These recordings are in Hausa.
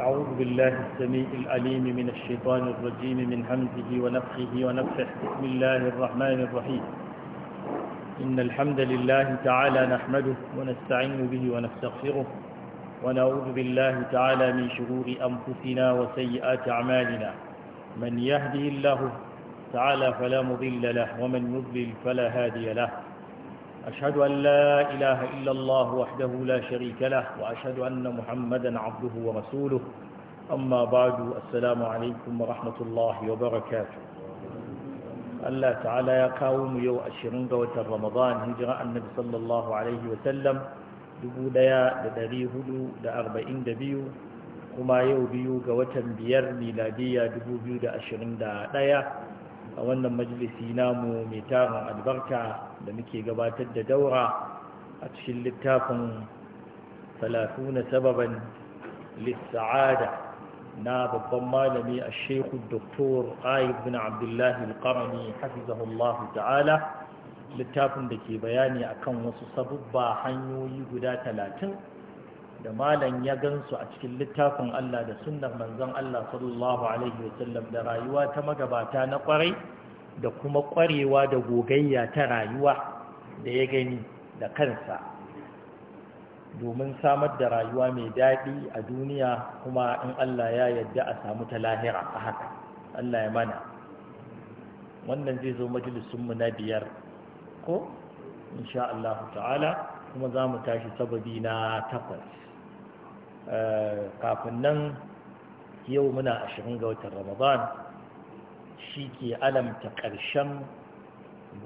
أعوذ بالله السميع العليم من الشيطان الرجيم من همزه ونفخه ونفخه بسم الله الرحمن الرحيم إن الحمد لله تعالى نحمده ونستعين به ونستغفره ونعوذ بالله تعالى من شرور أنفسنا وسيئات أعمالنا من يهدي الله تعالى فلا مضل له ومن يضلل فلا هادي له أشهد أن لا إله إلا الله وحده لا شريك له وأشهد أن محمدا عبده ورسوله أما بعد السلام عليكم ورحمة الله وبركاته الله تعالى يقاوم يو أشرين قوة رمضان هجرة النبي صلى الله عليه وسلم دبو ديا دري هدو دا أربعين دبيو وما يو بيو قوة بير ميلادية دبو بيو دا أشرين دا ديا a wannan majalisi namu mai tarin albarka da muke gabatar da daura a cikin littafin na sababan lissa'ada na babban malami a shekhu doktor ayyub bin abdullahi al-qarami hafizahullahu ta'ala littafin da ke bayani akan wasu sabubba hanyoyi guda talatin da malam ya gansu a cikin littafin Allah da sunnar manzon Allah sallallahu alaihi wasallam da rayuwa ta magabata na kwarai da kuma kwarewa da gogayya ta rayuwa da ya gani da kansa domin samar da rayuwa mai daɗi a duniya kuma in Allah ya yadda a samu ta lahira a haka Allah ya mana wannan zai zo majalisunmu na biyar ko insha Allah ta'ala kuma za mu tashi sababi na takwas kafin nan yau muna ashirin ga watan ramadan shi ke alamta ƙarshen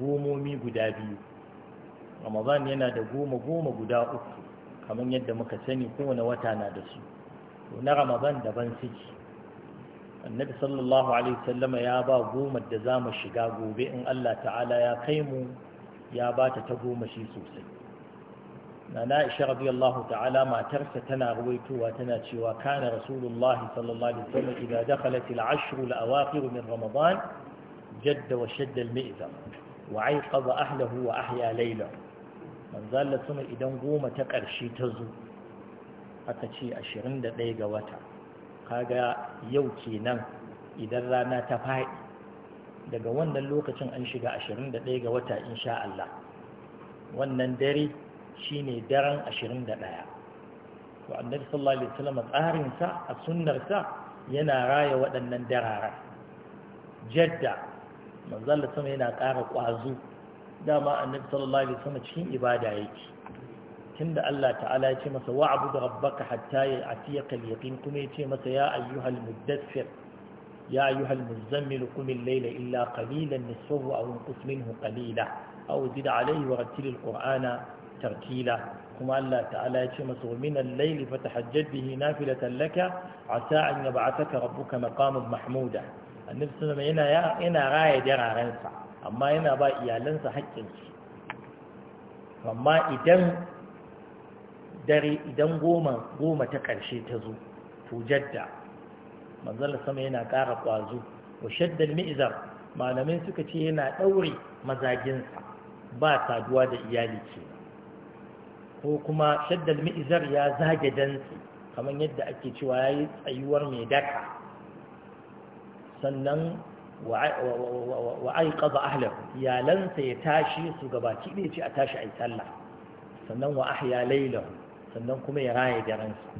gomomi guda biyu ramadan yana da goma goma guda uku kamar yadda muka sani kowane wata na da su na ramadan daban suke annabi sallallahu alaihi sallama ya ba goma da za mu shiga gobe in allah ta'ala ya kai mu ya ba ta ta goma shi sosai na Aisha radiyallahu ta'ala matarsa tana ruwaitowa tana cewa kana rasulullahi sallallahu alaihi wasallam idza dakhalat al-ashr al min ramadan jadda wa shadda al-mi'zam wa ayqadha ahlihi wa ahya laila manzo idan goma ta karshe ta zo aka ce 21 ga wata kaga yau kenan idan rana ta faɗi daga wannan lokacin an shiga 21 ga wata insha Allah wannan dare shine daren 21 to annabi sallallahu alaihi wasallam tsarin a sunnar sa yana raya waɗannan darara jadda manzon sama yana ƙara ƙwazo dama annabi sallallahu alaihi wasallam cikin ibada yake tunda Allah ta'ala ya ce masa wa'bud rabbaka hatta ya al-yaqin kuma ya ce masa ya ayyuhal muddathir يا أيها المزمل قم الليل illa قليلا نصفه أو انقص منه قليلا أو زد عليه ورتل tartila kuma Allah ta'ala ya ce masa wa minal layli fi da tallaka a sa'an ya yab'athaka rabbuka maqaman mahmuda annabi Mahmuda. alaihi wasallam yana yana raya jararen sa amma yana ba iyalansa haƙƙin su amma idan dare idan goma ta ƙarshe ta zo to jadda sama yana ƙara ƙwazo wa shaddal mi'zar malamai suka ce yana ɗaure mazaginsa ba saduwa da iyali kenan ko kuma shaddal mi'izar ya zage dantsi kamar yadda ake cewa yayi tsayuwar mai daka sannan wa aiƙaza iyalansa ya tashi su gabaci ɗaya ce a tashi a yi sallah sannan wa ahya lailahu sannan kuma ya raya daransa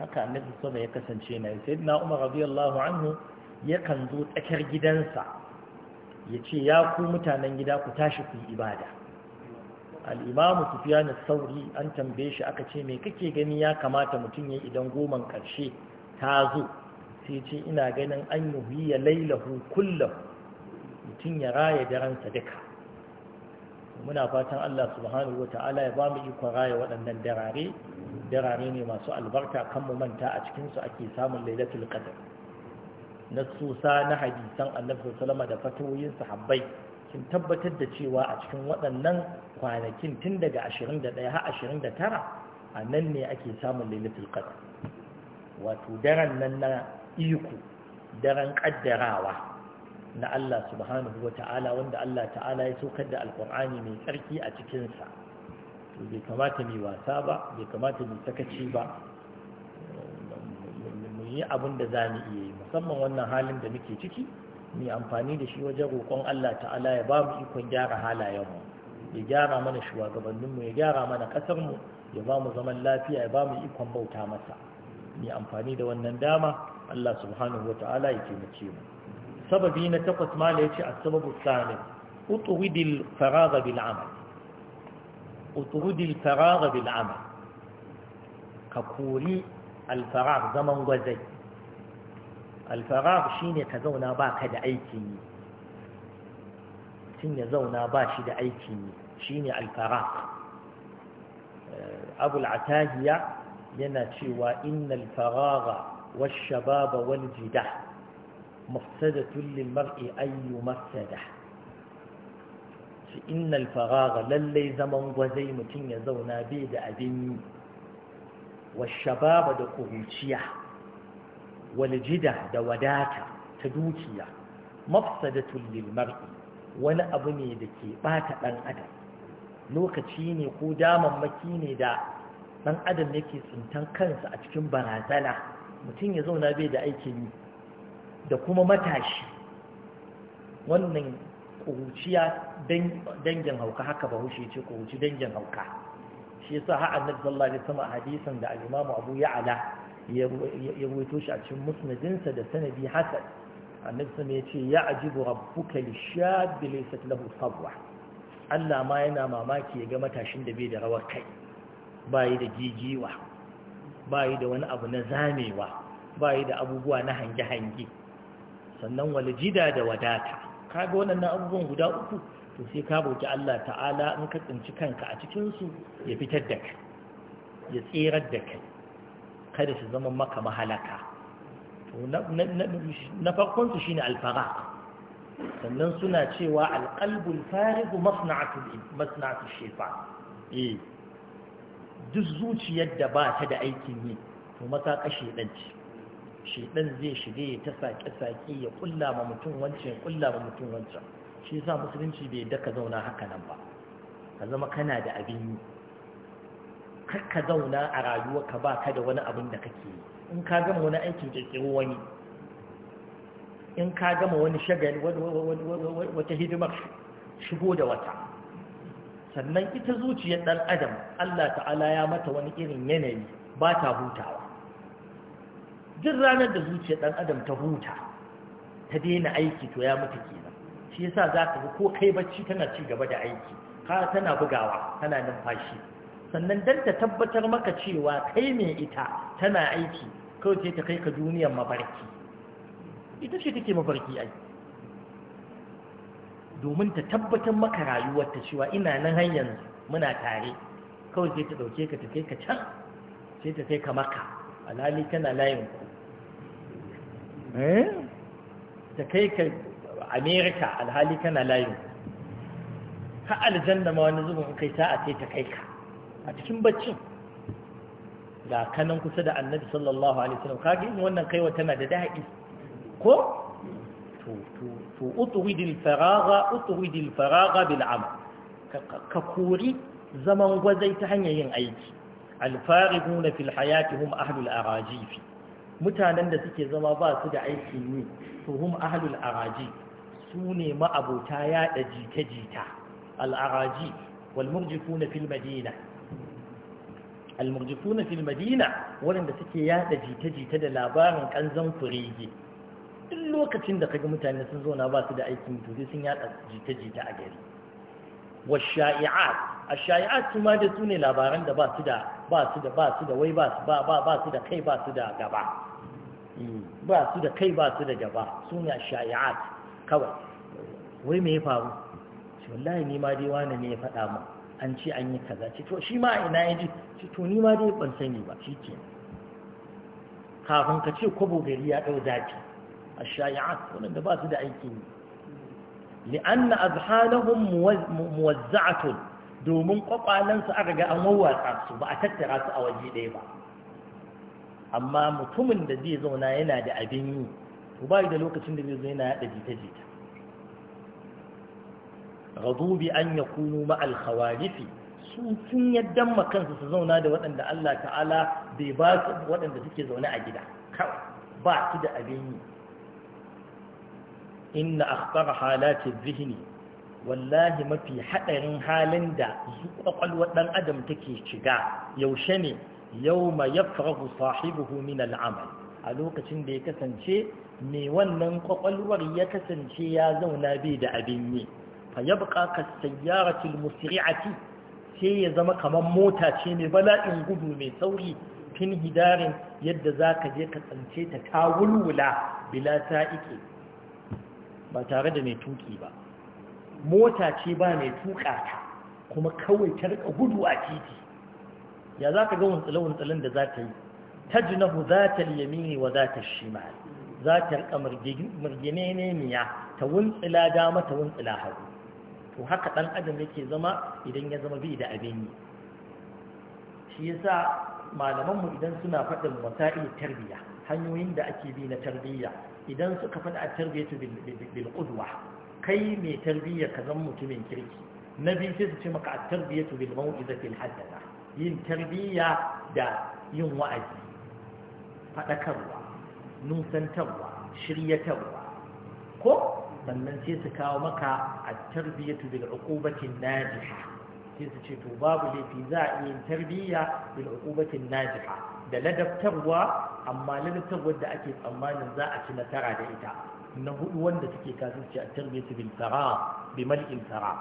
haka annabi sama ya kasance na sai umar radiyallahu anhu yakan zo tsakar gidansa ya ce ya ku mutanen gida ku tashi ku yi ibada al'imamu na sauri an tambaye shi aka ce me kake gani ya kamata mutum ya idan goman ƙarshe ta zo sai ce ina ganin an yi ya lailahu kullum mutum ya raya daransa duka muna fatan Allah subhanahu wa ta'ala ya ba mu ikon raya waɗannan darare darare ne masu albarka kan mu manta a cikinsu ake samun lailatul qadr na susa na hadisan annabi sallama da fatawoyin sahabbai kin tabbatar da cewa a cikin waɗannan kwanakin tun daga 21 har 29 a nan ne ake samun lailatul qadr wato daren nan na iko daren kaddarawa na Allah subhanahu wata'ala wanda Allah ta'ala ya saukar da alkur'ani mai tsarki a cikinsa to bai kamata mai wasa ba bai kamata mai sakaci ba Mun yi abin da za mu iya yi musamman wannan halin da muke ciki mai amfani da shi wajen roƙon Allah ta'ala ya ba mu ikon gyara halayenmu ya gyara mana shugabanninmu ya gyara mana ƙasarmu ya ba mu zaman lafiya ya ba mu ikon bauta masa mai amfani da wannan dama Allah subhanahu wa ta'ala ya taimake mu sababi na takwas mala ya ce a sababu sami utuwidil faraga bil amal utuwidil faraga bil amal ka kori alfarar zaman gwazai shi ne ka zauna ba ka da aikin yi mutum ya zauna ba shi da aikin yi shine alfarag eh, abul atahiya yana cewa "Washa faraga washababa wal jidah mafsadatun lil mar'i ayyu mafsada shi Inna faraga lallai zaman gwazai mutum ya zauna bai da abin yi washababa da kuruciya waljida da wadata ta dukiya mafsadatul lil wani abu ne da ke bata dan adam lokaci ne ko damammaki ne da dan adam yake tsintan kansa a cikin barazana mutum ya zauna bai da aikin yi da kuma matashi wannan ƙuruciya dangin hauka haka ba hushe ce ƙuruci dangin hauka shi yasa har annabi sallallahu alaihi wasallam a hadisin da al-imamu Abu Ya'la ya wato shi a cikin musnadinsa da sanadi hasan annabi sama ya ce ya ajibu rabbuka lishabbi laysat lahu sabwa Allah ma yana mamaki ya ga matashin da bai da rawar kai bai da gigiwa bai da wani abu na zamewa bai da abubuwa na hange-hange sannan waljida da wadata kaga wannan abubuwan guda uku to sai ka bauki Allah ta'ala in ka tsinci kanka a cikinsu ya fitar da kai ya tserar da kai kada su zama maka mahalaka na farkonsu shi ne alfara sannan suna cewa alƙalbul farigu masna'atul shefa eh, duk zuciyar da ba ta da aikin yi to mataka shedan ce shedan zai shige ya ta saƙe-saƙe ya ƙulla ma mutum wancan ya ƙulla ma mutum wancan shi sa musulunci bai yadda ka zauna haka nan ba ka zama kana da abin yi ka zauna a rayuwa ka ba ka da wani abin da kake in ka gama wani aikin kirkiro wani in ka gama wani shagali wata hidimar shigo da wata sannan ita zuciyar ɗan adam Allah ta'ala ya mata wani irin yanayi ba ta hutawa duk ranar da zuciyar ɗan adam ta huta ta daina aiki to ya mutu kenan shi yasa za ka ko kai bacci tana ci gaba da aiki ka tana bugawa tana numfashi sannan dan ta tabbatar maka cewa kai mai ita tana aiki kawai sai ta kai ka duniyar mafarki ita ce take mafarki ai domin ta tabbatar maka rayuwar ta cewa ina nan har yanzu muna tare kawai sai ta dauke ka ta kai ka can sai ta kai ka maka alhali tana layin ku eh? ta kai ka amerika alhali tana layin ka aljanna ma wani zubin kai sa'a sai ta kai ka a cikin baccin ga kanan kusa da annabi sallallahu alaihi wasallam kage wannan kaiwa tana da daɗi ko to to to faragha, faragha utwidil faragha bil amal ka kori zaman gwazai ta hanyar yin aiki alfarihuna fil hayati hum ahlul arajif mutanen da suke zama ba su da aikin ne, to hum ahlul arajif su ne ya yaɗa jita-jita al-arajif wal murjifuna fil madina almurjifuna fil madina waɗanda suke yada jita-jita da labarin kanzan kurege duk lokacin da kaga mutane sun zo na ba su da aikin to sai sun yada jita-jita a gari Wa a والشائعات الشائعات ma da ne labaran da ba su da ba su da ba su da wai ba su ba ba su da kai ba su da gaba ba su da kai ba su da gaba hmm, sune shai'at kawai wai me ya faru wallahi ni ma dai wani ne ya faɗa min an ce an yi kaza ce to shi ma ina ya ji ce to ni ma dai ban sani ba shi ke kafin ka ce kwabo gari ya ɗau zafi a shayi'at waɗanda ba su da aikin yi li'anna azhanahum muwazza'atun domin su a ga an wawwatsa su ba a tattara su a waje ɗaya ba amma mutumin da zai zauna yana da abin yi to ba da lokacin da zai zo yana yaɗa jita-jita radu bi an yakunu ma al su sun yaddan makansu su zauna da waɗanda Allah ta'ala bai ba su waɗanda suke zaune a gida kawai ba su da abin yi inna akhtar halati zihni wallahi mafi hadarin halin da kwakwalwar ɗan adam take shiga yaushe ne ya faru sahibuhu min al'amal a lokacin da ya kasance me wannan kwakwalwar ya kasance ya zauna bai da abin yi fa yabqa ka sayyarati almusri'ati sai ya zama kamar mota ce mai bala'in gudu mai sauri tun hidarin yadda zaka je ka tsance ta ta wulwula bila sa'ike ba tare da mai tuki ba mota ce ba mai tuka ta kuma kawai ta rika gudu a titi ya zaka ga wuntsale-wuntsalin da za ta yi tajnahu zata yamini wa zata al-shimal za ta rika mirgine ne miya ta wuntsila dama ta wuntsila hagu to haka ɗan adam yake zama idan ya zama bai da abin yi shi yasa malamanmu idan suna faɗin masa'i tarbiyya hanyoyin da ake bi na tarbiyya idan suka faɗa a tarbiyyatu bil qudwa kai mai tarbiyya ka zama mutumin kirki na biyu sai su ce maka a tarbiyyatu bil mau'izatil hasana yin tarbiyya da yin wa'azi faɗakarwa nusantarwa shiryatarwa ko sannan sai su kawo maka a tarbiyyatu bil uqubatin najiha sai su ce to babu laifi za a yin tarbiyya bil uqubatin najiha da ladabtarwa amma ladabtarwar da ake tsammanin za a ci nasara da ita na hudu wanda suke kasance a tarbiyyatu bil tara bi mal'in tara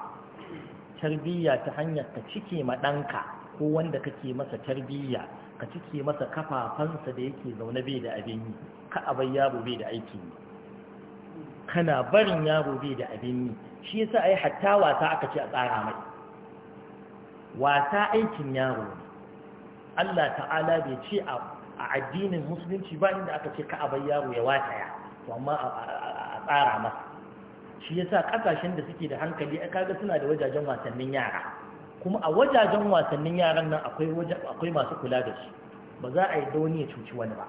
tarbiyya ta hanyar ka cike ma ɗanka ko wanda kake masa tarbiyya ka cike masa kafafansa da yake zaune bai da abin yi ka abai yaro bai da aikin yi kana barin yaro bai da abin yi shi yasa ai hatta wasa aka ce a tsara mai wasa aikin yaro ne Allah ta'ala bai ce a addinin musulunci ba inda aka ce ka bar yaro ya wataya to amma a tsara masa shi yasa kasashen da suke da hankali ai kaga suna da wajajen wasannin yara kuma a wajajen wasannin yaran nan akwai akwai masu kula da shi ba za a yi da wani ya cuci wani ba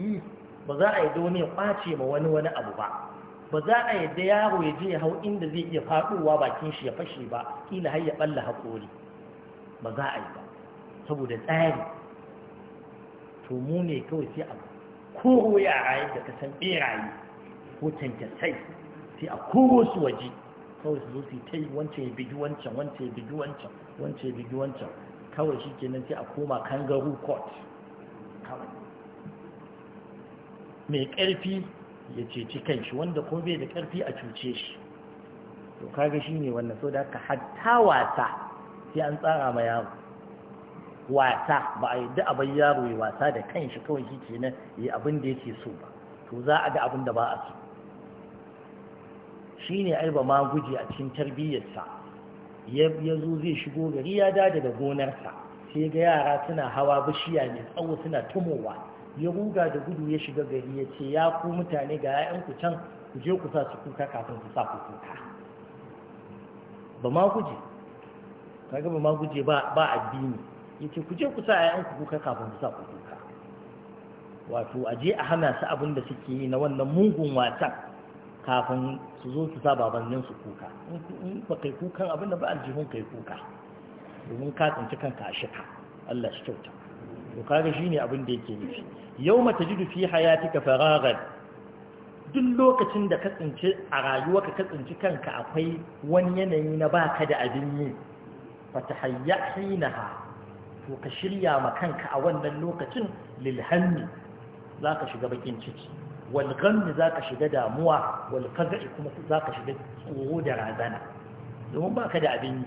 hmm. ba za a yi wani ya kwace ma wani wani abu ba ba za a yadda yaro ya je ya hau inda zai iya faɗowa bakin shi ya fashe ba kila har ya balla haƙori ba za a yi ba saboda tsari to mu ne kawai sai a koro yara yadda ka san beraye ko tantasai sai a koro su waje kawai su zo su ta yi wancan ya bigi wancan wancan ya bigi wancan wancan ya bigi wancan kawai shi kenan sai a koma kangaroo court mai ƙarfi ya ceci kan shi, wanda kuma bai da ƙarfi a cuce shi to kaga shi ne wannan so da haka hatta wasa sai an tsara ma yaro wasa ba a yadda abin yaro ya wasa da kanshi kawai shi ke nan ya abin da yake so ba to za a ga abin da ba a so shi ne ai ba ma guji a cikin tarbiyyarsa ya zo zai shigo gari ya da daga gonarsa sai ga yara suna hawa bishiya mai tsawo suna tumowa ya ruga da gudu ya shiga gari ya ce ya ku mutane ga 'ya'yanku can ku je ku sa su kuka kafin ku sa ku kuka ba ma guje kaga ba ma guje ba addini ya ce ku je ku sa 'ya'yanku kuka kafin ku sa ku kuka wato a je a hana su abin da suke yi na wannan mugun wasan kafin su zo su sa babannin su kuka in ba kai kukan abin da ba aljihun kai kuka domin ka tsinci kanka a shika Allah shi kyauta to kaga shine abin da yake nufi yawma tajidu fi hayatika faragan duk lokacin da ka tsinci a rayuwarka ka tsinci kanka akwai wani yanayi na baka da abin yi fatahayya hinaha to ka shirya ma kanka a wannan lokacin lilhanni zaka shiga bakin ciki wal ghammi zaka shiga damuwa wal qaza'i kuma zaka shiga tsoro da razana domin baka da abin yi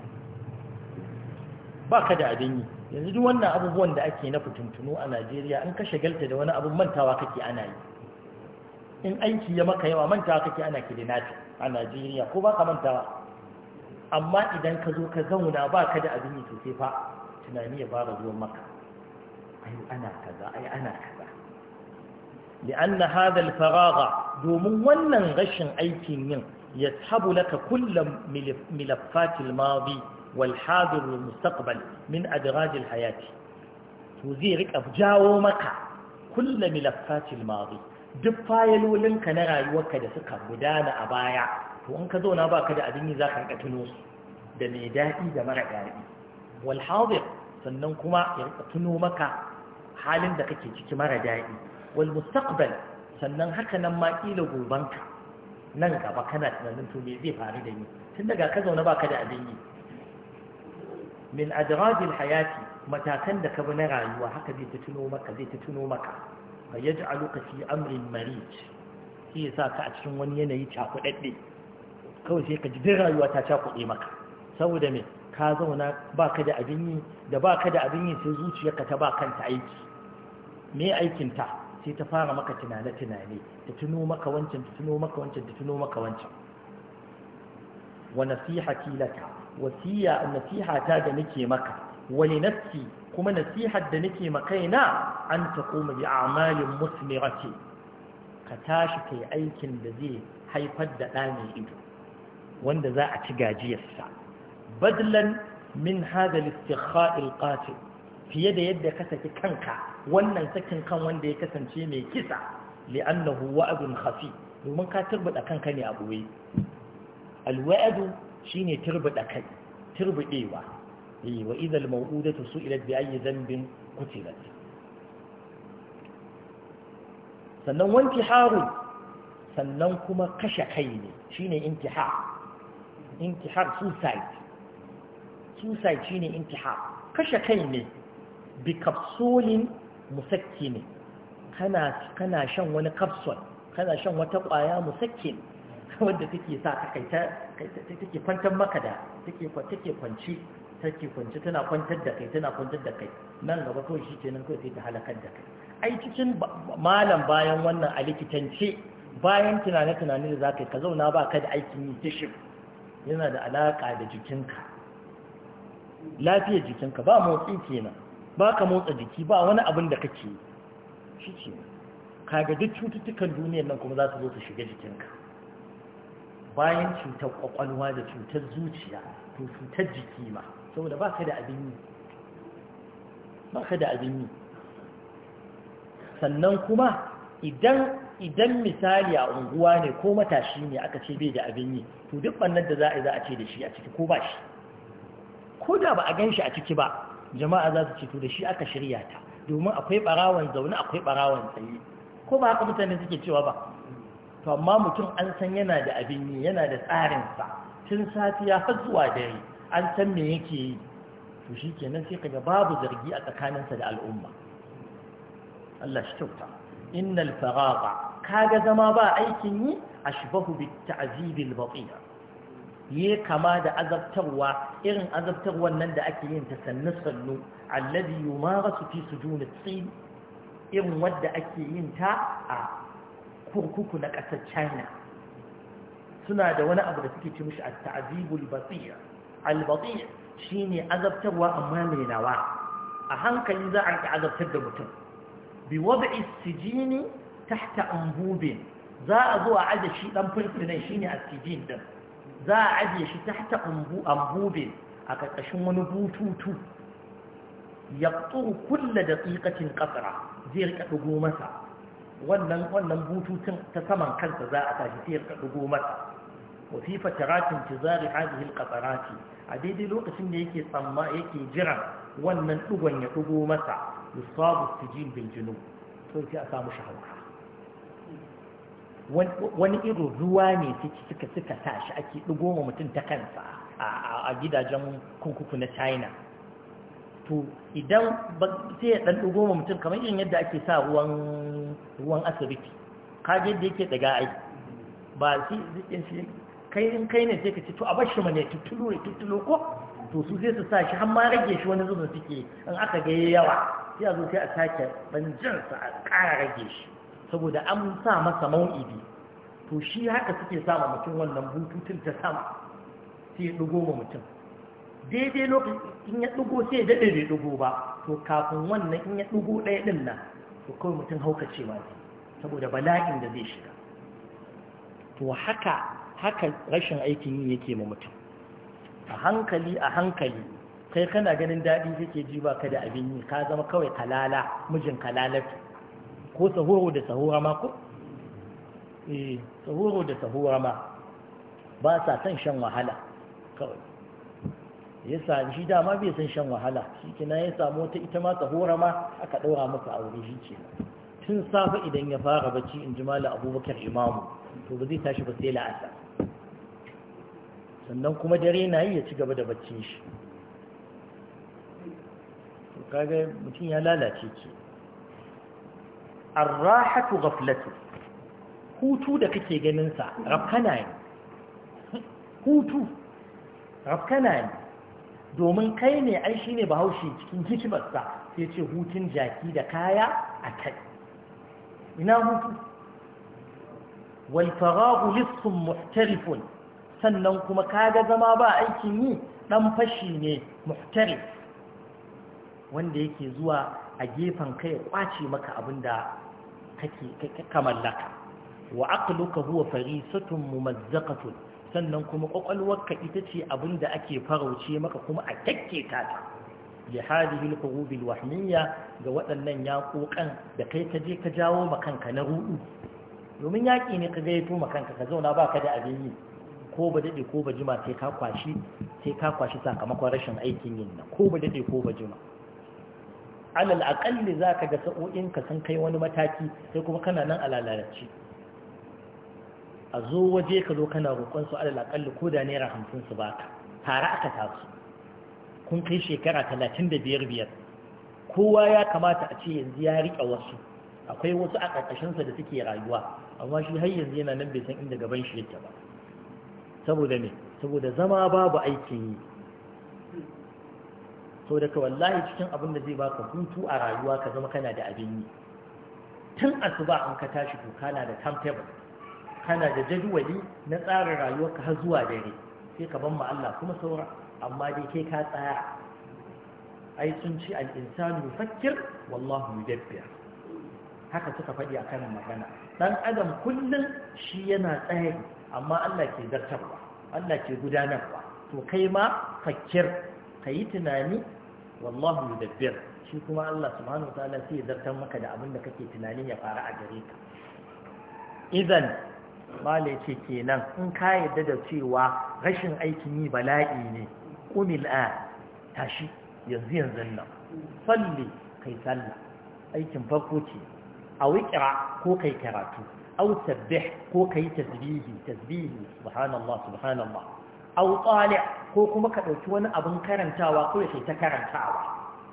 baka da abin yi yanzu duk wannan abubuwan da ake na fitintunu a najeriya an kashe galta da wani abun mantawa kake ana yi in aiki ya maka yawa mantawa kake ana kidinati a najeriya ko ba ka mantawa amma idan ka zo ka zauna ba ka da abin yi sosai fa tunani ya fara zuwa maka ai ana kaza ai ana kaza li'anna hadha al-faragha domin wannan rashin aikin yin ya tabu laka kullum milaffatil madi والحاضر والمستقبل من أدراج الحياة وزيرك أبجاو مكة كل ملفات الماضي دفايل ولنك نرى وكذا سكر بدان أبايع وأنك دون أبا كذا أدني ذاك أتنوس دمي دائي دمرع دائي والحاضر سننكما يتنو مكة حالا دكتي تكمر دائي والمستقبل sannan haka nan ma ƙila gobanka nan gaba kana tunanin to me zai faru da ni tun daga ka zaune baka da abin yi min adrajin hayati matakan da ka bi na rayuwa haka zai ta tuno maka zai ta tuno maka fa yaj'aluka fi amrin marij sai ya sa ka a cikin wani yanayi cakudadde kawai sai ka ji din rayuwa ta cakude maka saboda me ka zauna baka da abin yi da baka da abin yi sai zuciyarka ta ba kanta aiki me aikin ta sai ta fara maka tunane tunane ta tuno maka wancan ta tuno maka wancan ta tuno maka wancan wa nasihati laka wasiya nasiha ta da nake maka wani nafsi kuma nasihar da nake makaina an ta koma bi amalin musmirati ka tashi kai aikin da zai haifar da ɗa ido wanda za a ci gajiyarsa badlan min haɗa listikha'il fiye da yadda ka saki kanka wannan sakin kan wanda ya kasance mai kisa li'annahu wa'dun khafi domin ka turbada kanka ne a boye alwa'du shine turbuda kai turbudewa eh wa idhal maw'udatu su'ilat sannan sannan kuma kashe kai ne shine intihar intihar suicide suicide intihar kashe kai ne bi kapsulin musakki ne kana shan wani kapsul kana shan wata kwaya musakki ne wadda take sa ta kai ta take kwantar maka da take take kwanci take kwanci tana kwantar da kai tana kwantar da kai nan gaba kawai shi kenan kawai sai ta halakar da kai ai cikin malam bayan wannan a likitance bayan tunane-tunane da za ka yi ka zauna ba ka da aikin yi dishin yana da alaƙa da jikinka lafiyar jikinka ba motsi kenan ba ka motsa jiki ba wani abin da kake shi ce kaga duk cututtukan duniyar nan kuma za su zo su shiga jikinka bayan cutar kwakwalwa da cutar zuciya to cutar jiki ma saboda ba ka da abin yi ba ka da abin yi sannan kuma idan idan misali a unguwa ne ko matashi ne aka ce bai da abin yi to duk bannan da za a za a ce da shi a ciki ko ba shi ko da ba a gan shi a ciki ba jama'a za su ce to da shi aka shirya ta domin akwai barawan zaune akwai barawan tsaye ko ba haka mutane suke cewa ba to amma mutum an san yana da abin yi yana da tsarinsa tun safiya har zuwa dare an san me yake yi to shi kenan sai kaga babu zargi a tsakaninsa da al'umma Allah shi kyauta innal faraga kaga zama ba aikin yi ashbahu bit ta'zibil bati'a yi kama da azabtarwa irin azabtarwar nan da ake yin ta sannu sannu alladhi yumarasu fi sujunat sin irin wadda ake yin ta a kurkuku na ƙasar china suna da wani abu da suke ci mishi a ta'azibul batsiya albatsiya shi ne azabtarwa amma mai nawa a hankali za a rika azabtar da mutum bi wada'i sijini tahta ambubin za a zo a aje shi dan fulfunan shine Sijin din za a aje shi tahta ambubin a ƙarƙashin wani bututu yaqtu da daqiqatin qasra zai rika dugo masa wannan wannan bututun ta saman kansa za a tashi sai ka dugo masa wa fi fataratin tizari hadhihi alqatarati a daidai lokacin da yake tsamma yake jira wannan dugon ya dugo masa yusabu sijin bil junub to sai a samu shahawka wani irin ruwa ne suka suka tashi ake dugo ma mutum ta kansa a gidajen kurkuku na china to idan sai ya dan dugo ma mutum kamar irin yadda ake sa ruwan ruwan asibiti kajin da yake daga ai ba shi zikin shi kai in kai ne sai ka ci to a bashi mana tuttulo ya tuttulo ko to su sai su sa shi har ma rage shi wani zubin suke in aka ga yawa sai a zo sai a sake banjin sa a ƙara rage shi saboda an sa masa mau'idi to shi haka suke sama mutum wannan bututun ta sama sai ya dugo ma mutum daidai lokacin in ya dugo sai ya daɗe bai dugo ba to kafin wannan in ya dugo ɗaya ɗin nan to kawai mutum haukacewa ne saboda bala'in da zai shiga to haka haka rashin aikin yi yake ma mutum a hankali a hankali kai kana ganin daɗi kake ji ba ka da abin yi ka zama kawai kalala mijin kalalatu ko sahoro da sahora ma ko eh sahoro da sahora ma ba sa son shan wahala kawai ya sami shi dama bai san shan wahala shi kina ya samu wata ita ma tsahora ma aka ɗaura masa aure shi ce tun safe idan ya fara bacci in ji mala abubakar imamu to ba zai tashi ba sai la'asa sannan kuma dare na yi ya ci gaba da bacci shi kaga mutum ya lalace ki arrahatu ghaflatu hutu da kake ganin sa rafkana ne hutu rafkana ne domin kai ne ai shi ne bahaushe cikin hikimarsa sai ce hutun jaki da kaya a kai ina hutu walfarahu lissun muhtarifun sannan kuma kaga zama ba aikin yi dan fashi ne muhtarif wanda yake zuwa a gefen kai kwace maka abinda kake kamallaka wa aqluka huwa farisatun mumazzaqatun sannan kuma kwakwalwarka ita ce abin da ake farauce maka kuma a takke ta ta ya hadihi al ga waɗannan yaƙoƙan da kai ka je ka jawo makanka na ruɗu. domin yaƙi ne ka gayyato makanka ka zauna ba ka da abin yi ko ba daɗe ko ba jima sai ka kwashi sai ka kwashi sakamakon rashin aikin yin nan ko ba daɗe ko ba jima alal za ka ga sa'o'in ka san kai wani mataki sai kuma kana nan a a zo waje ka zo kana roƙon su alal aƙalli ko da naira hamsin su baka tare aka taso kun kai shekara talatin da biyar biyar kowa ya kamata a ce yanzu ya riƙe wasu akwai wasu a ƙarƙashinsa da suke rayuwa amma shi har yanzu yana nan bai san inda gaban shi yake ba saboda me saboda zama babu aikin yi so daga wallahi cikin abin da zai baka hutu a rayuwa ka zama kana da abin yi tun asuba an ka tashi to kana da timetable kana da jadwali na tsarin rayuwarka har zuwa dare sai ka ban ma Allah kuma saura amma dai kai ka tsaya ai sun ci al-insanu yufakkir wallahu yudabbir haka suka faɗi akan magana Ɗan adam kullum shi yana tsaye amma Allah ke zartarwa Allah ke gudanarwa to kai ma Ka yi tunani wallahu yudabbir shi kuma Allah subhanahu wataala sai ya zartar maka da abin da kake tunanin ya faru a gare ka idan malai ce kenan in ka yarda da cewa rashin aikin yi bala'i ne kumil a tashi yanzu yanzu nan salli kai sallah aikin farko ce a wikira ko kai karatu au sabbih ko kai tasbihi tasbihi subhanallah subhanallah au tali' ko kuma ka ɗauki wani abin karantawa ko kai ta karantawa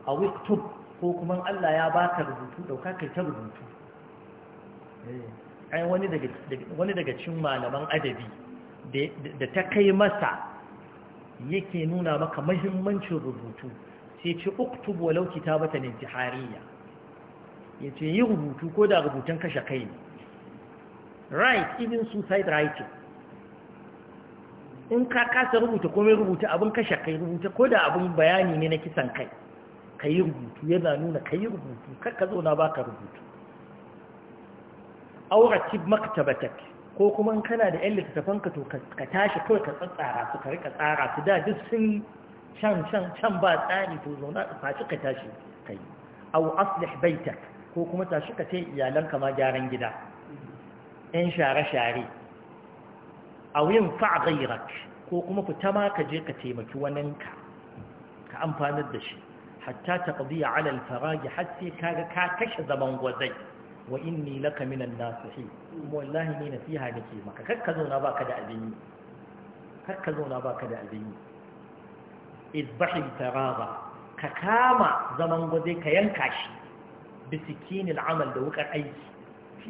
a wiktub ko kuma Allah ya baka rubutu ɗauka kai ta rubutu eh. ai wani daga wani daga cikin malaman adabi da ta kai masa yake nuna maka mahimmancin rubutu sai ce uktub walau kitabatan intihariya yace yi rubutu ko da rubutun kashe kai ne right even suicide writing in ka kasa rubuta mai rubuta abin kashe kai rubuta ko da abin bayani ne na kisan kai ka yi rubutu yana nuna ka yi rubutu kakka zo na baka rubutu auraci maktabatak ko kuma kana da 'yan littattafanka to ka tashi kawai ka tsatsara su ka rika tsara su da duk sun can can can ba tsari to zauna fashi ka tashi kai au aslih baitak ko kuma tashi ka tai iyalanka ma gyaran gida yan share share au yin fa ko kuma fita ma ka je ka taimaki waninka ka amfanar da shi hatta taqdi alal al har sai kaga ka kashe zaman gwazai wa inni laka minan nasihi kuma wallahi ni nasiha nake maka kar ka zauna baka da abin yi kar ka zauna baka da abin yi izbahi taraba ka kama zaman gwaje ka yanka shi bisikin al'amal da wukar aiki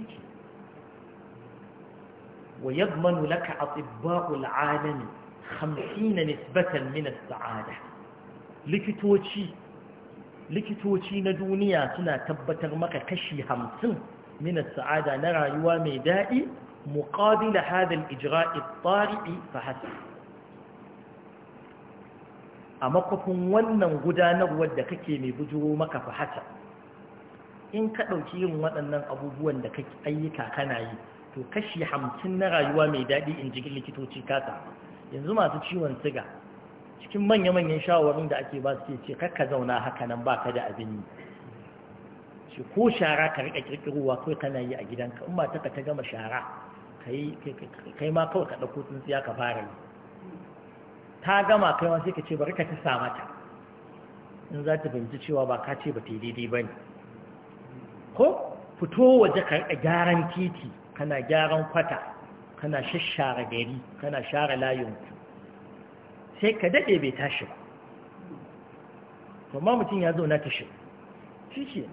wa yadmanu laka atibba'u al'alami 50 nisbatan min as-sa'ada likitoci likitoci na duniya suna tabbatar maka kashi hamsin min sa'ada na rayuwa mai daɗi muƙabila hadha al-ijra'i fa a makofin wannan gudanarwar da kake mai bujuro maka fa in ka ɗauki yin waɗannan abubuwan da kake ayyuka kana yi to kashi hamsin na rayuwa mai daɗi in ji likitoci kasa yanzu masu ciwon siga cikin manya-manyan shawarun da ake ba su ce kakka zauna haka nan ba ka da abin yi shi ko shara ka riƙa kirkirowa kawai kana yi a gidanka in ta ka ta gama shara kai ma kawai ka ɗauko ya ka fara yi ta gama kai ma sai ka ce bari ka ta sa mata in za ta fahimci cewa ba ka ce ba ta yi daidai ba ne ko fito waje ka riƙa gyaran titi kana gyaran kwata kana shashshara gari kana share layinku sai ka daɗe bai tashi ba ma mutum ya zauna ta shi shi ke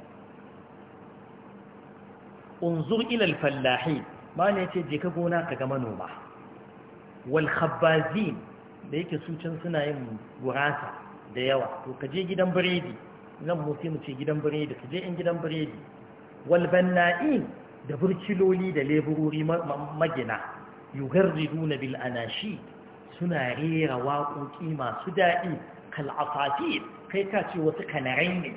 unzur ilal fallahi ma ne ce je ka gona ka ga manoma wal khabbazin da yake sucin suna yin gurasa da yawa to ka je gidan biredi nan mu mu ce gidan biredi ka je in gidan biredi wal banna'in da burkiloli da leburori magina yugarriduna bil anashid suna rera waƙoƙi masu daɗi kal'afafi kai ka ce wasu kanarai ne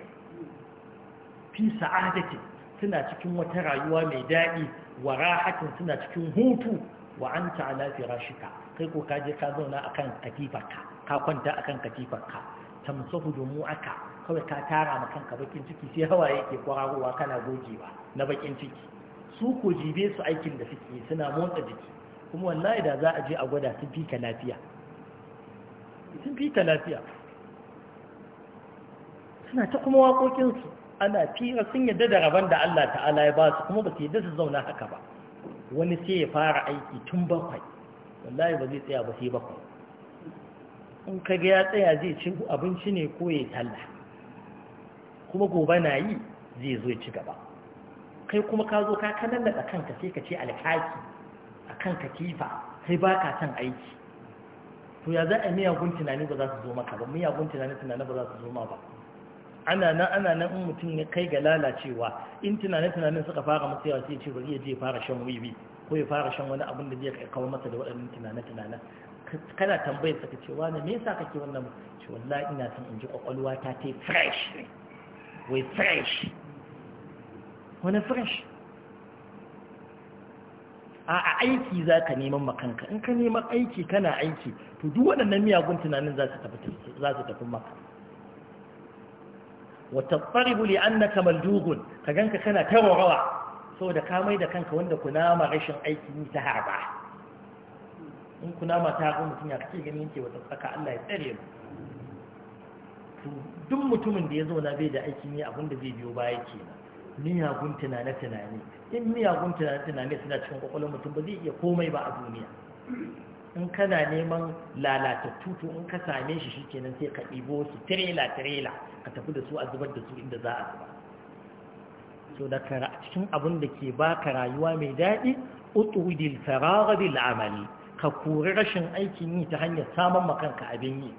fi sa'adatin suna cikin wata rayuwa mai daɗi wa rahatin suna cikin hutu wa an ta'ala shika kai ko ka ka zauna akan katifarka ka kwanta akan katifarka tamsahu aka kawai ka tara ma kanka bakin ciki sai hawa yake kwararowa kana gogewa na bakin ciki su ko jibe su aikin da suke suna motsa jiki kuma wallahi da za a je a gwada sun fi ka lafiya sun fi ka lafiya suna ta kuma waƙoƙinsu ana fira sun yadda da rabon da Allah ta'ala ya ba su kuma ba su yadda su zauna haka ba wani sai ya fara aiki tun bakwai wallahi ba zai tsaya ba sai bakwai in ka ga ya tsaya zai ci abinci ne ko ya talla kuma gobe na yi zai zo ya ci gaba kai kuma ka zo ka kanan da kanka sai ka ce alkaki kan katifa sai ba ka son aiki to ya za a miyagun tunani ba za su zo maka ba miyagun tunani tunani ba za su zo ma ba ana nan ana nan in mutum ya kai ga lalacewa in tunanin tunanin suka fara masa yawa sai ce bari ya je ya fara shan wiwi ko ya fara shan wani abin da zai kawo masa da waɗannan tunanin tunanin kana tambayar sa kace wani me yasa kake wannan ce wallahi ina son in ji kwakwalwa ta ta fresh wai fresh wani fresh a aiki za ka neman makanka in ka neman aiki kana aiki to duk waɗannan miyagun tunanin za su tafi maka wata tsari buli an na kamar dugun ka ganka kana tarwarawa saboda ka mai da kanka wanda kunama rashin aiki yi ta harba in kunama ta harba mutum ya kake ganin ke wata tsaka Allah ya tsare mu duk mutumin da ya zauna bai da aikin yi abinda zai biyo baya kenan miyagun tunane-tunane in miyagun tunane-tunane suna cikin kwakwalwar mutum ba zai iya komai ba a duniya in kana neman lalatattu to in ka same shi shikenan sai ka ɗibo su tirela-tirela ka tafi da su a zubar da su inda za a zuba so da cikin abin da ke baka rayuwa mai daɗi utudil faragha amali ka kori rashin aikin yi ta hanyar samun makanka abin yi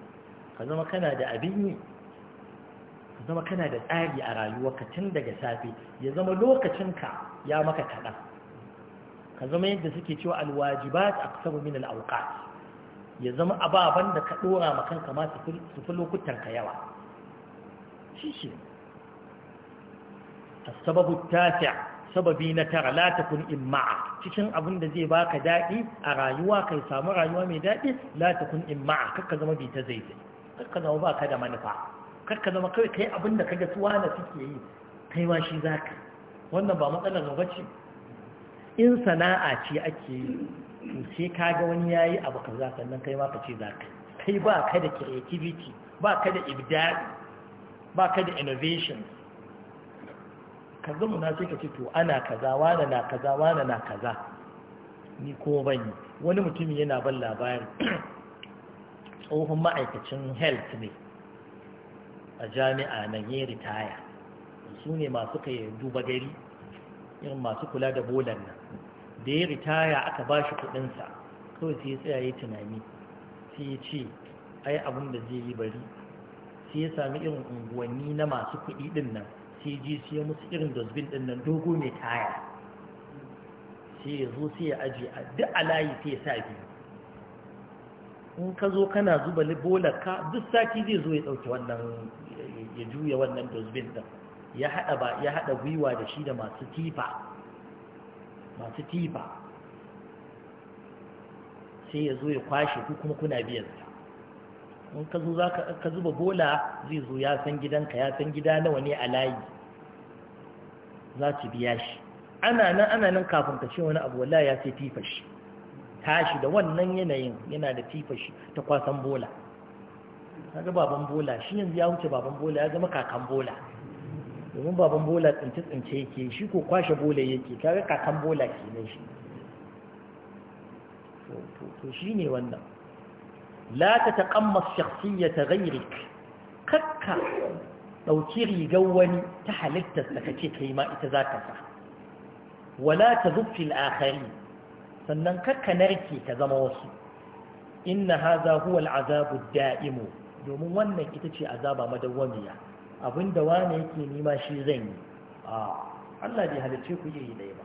ka zama kana da abin yi zama kana da tsari a rayuwarka tun daga safe ya zama lokacinka ya maka kaɗan ka zama yadda suke cewa alwajibat aksaru min alawqat ya zama ababan da ka ɗora ma kanka ma su fi lokutan ka yawa shi shi as-sababu tafiya sababi na tara la takun imma'a cikin abin da zai baka daɗi a rayuwa kai samu rayuwa mai dadi la takun imma'a kakka zama bi ta zaiti kakka zama baka da manufa karka zama kawai kai abin da kaga suwa na suke yi kaiwa shi za ka wannan ba matsalar mu bace in sana'a ce ake yi to sai kaga wani ya yi abu kaza sannan kai ma ka ce za ka kai ba ka da creativity ba ka da ibdari ba ka da innovation ka zama na sai ka ce to ana kaza wane na kaza wane na kaza ni ko ban yi wani mutum yana ban labari tsohon ma'aikacin health ne a jami'a nan ya ritaya su ne masu kai duba gari irin masu kula da bolar nan da ya ritaya aka ba shi kudinsa kawai sai ya tsaya ya tunani sai ya ce ai abin da zai yi bari sai ya sami irin unguwanni na masu kuɗi ɗin nan sai ji sai ya musu irin dosbin ɗin nan dogo mai taya sai ya zo sai ya aji a duk alayi sai ya sa biyu in ka zo kana zuba bolar ka duk sati zai zo ya ɗauki wannan ya juya wannan dosbin ɗin ya haɗa ba ya haɗa gwiwa da shi da masu tifa masu tifa sai ya zo ya kwashe ku kuma kuna biyan in ka zo za ka zuba bola zai zo ya san gidanka ya san gida nawa ne a layi za ki biya shi ana nan ana nan kafin ka ce wani abu wallahi ya sai tifa shi tashi da wannan yanayin yana da tifa shi ta kwasan bola kaga baban bola shi yanzu ya wuce baban bola ya zama kakan bola domin baban bola tsince tsince yake shi ko kwashe bola yake kaga kakan bola kenan shi to shi ne wannan la ta taqammas ta ghayrik kakka ɗauki rigar wani ta halittar da kace kai ma ita za ka sa wala ta al-akhari sannan kakka narke ka zama wasu inna haza huwa al-azabu ad-da'imu domin wannan ita ce azaba madawwamiya abinda wane yake nima shi zan yi a Allah bai halicce ku yi dai ba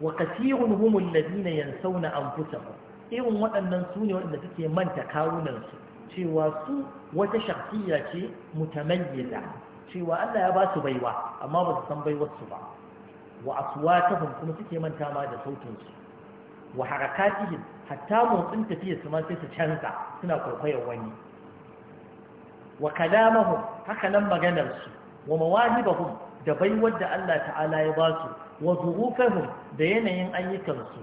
wa kathirun hum alladhina yansawna anfusahum irin waɗannan su ne waɗanda suke manta kawunan su cewa su wata shakhsiyya ce mutamayyiza cewa Allah ya ba su baiwa amma ba su san baiwar su ba wa aswatahum kuma suke manta ma da sautin su wa harakatihim hatta motsin tafiya su ma sai su canza suna kwaikwayon wani wa kalamahum haka nan maganar su wa mawahibahum da baiwar da Allah ta'ala ya ba su wa zurufahum da yanayin ayyukan su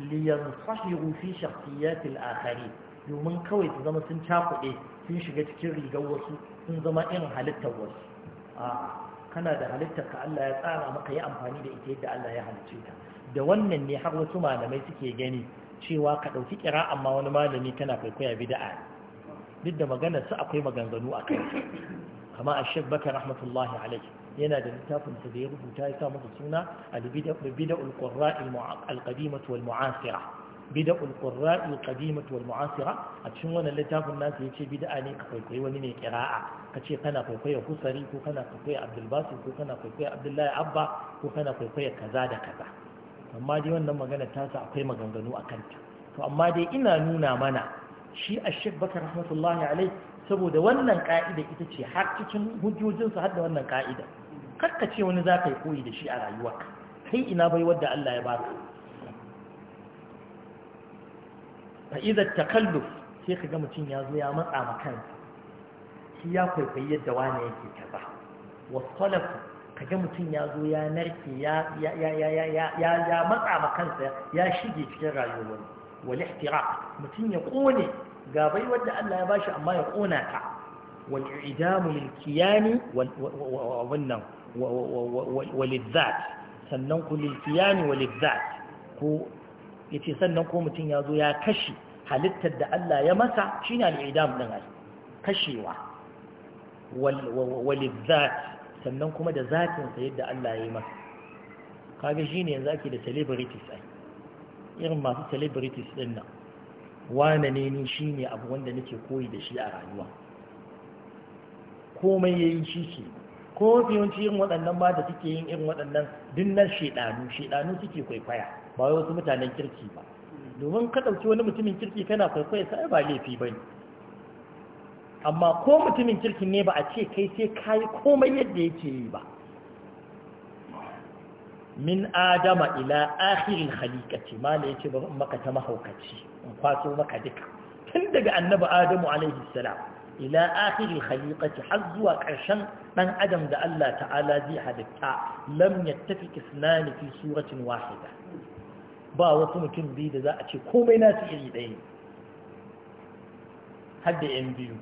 liyansahiru fi shakhsiyatil akhari domin kawai su zama sun cakuɗe sun shiga cikin rigar wasu sun zama irin halittar wasu a kana da halittar ka Allah ya tsara maka yi amfani da ita yadda Allah ya halicce ta da wannan ne har wasu malamai suke gani cewa ka ɗauki kira amma wani malami kana kwaikwaya bida'a duk da maganar su akwai maganganu a kai kama a shek bakar rahmatullahi alaihi yana da littafinsa da ya rubuta ya sa masa suna al-bida'ul qurra'il al-qadimah wal mu'asira bida'ul wal mu'asira a cikin wannan littafin nasu ya ce bida'a ne ka kwaikwayi wani ne ka kace kana kwaikwaya Husari ko kana kwaikwaya Abdul ko kana kwaikwaya Abdullahi Abba ko kana kwaikwaya kaza da kaza amma dai wannan magana ta sa akwai maganganu a kanta to amma dai ina nuna mana shi a bakar rahmatullahi alai saboda wannan ka'ida ita ce har cikin hujjojinsa har da wannan ka'ida ka ce wani za ka yi koyi da shi a rayuwa kai ina bai wadda Allah ya baka fa idza takalluf sai ga mutum ya zo ya matsa maka shi ya kwaikwayi yadda wani yake kaza wasalafu Ka ga mutum ya zo ya narke ya ya ya matsa ma kansa ya shige cikin rayuwar wal ihtiraq mutum ya kone ga bai wanda Allah ya bashi amma ya kona ta wal i'damu lil kiyani wannan walizzat sannan ku lil kiyani walizzat ko yace sannan ko mutum ya zo ya kashe? halittar da Allah ya masa shine al-idam din ai kashewa walizzat sannan kuma da zatinsa yadda Allah ya yi masa kaga shi ne yanzu ake da celebrities ai irin masu celebrities ɗin nan wane ne ni shi ne abu wanda nake koyi da shi a rayuwa komai ya yi shi ke ko yawanci irin waɗannan ba da suke yin irin waɗannan dinnan shaidanu shaidanu suke kwaikwaya ba wasu mutanen kirki ba domin ka ɗauki wani mutumin kirki kana kwaikwaya sai ba laifi ba ne amma ko mutumin kirkin ne ba a ce kai sai kayi komai yadda yake yi ba min adama ila akhirin halikati mala yace ba maka ta mahaukaci in kwaso maka duka tun daga annabi adamu alaihi salam ila akhirin halikati har zuwa ƙarshen ɗan adam da Allah ta'ala zai halitta lam yattafi kisnani fi suratin wahida ba wasu mutum biyu da za a ce komai nasu iri ɗaya har da yan biyu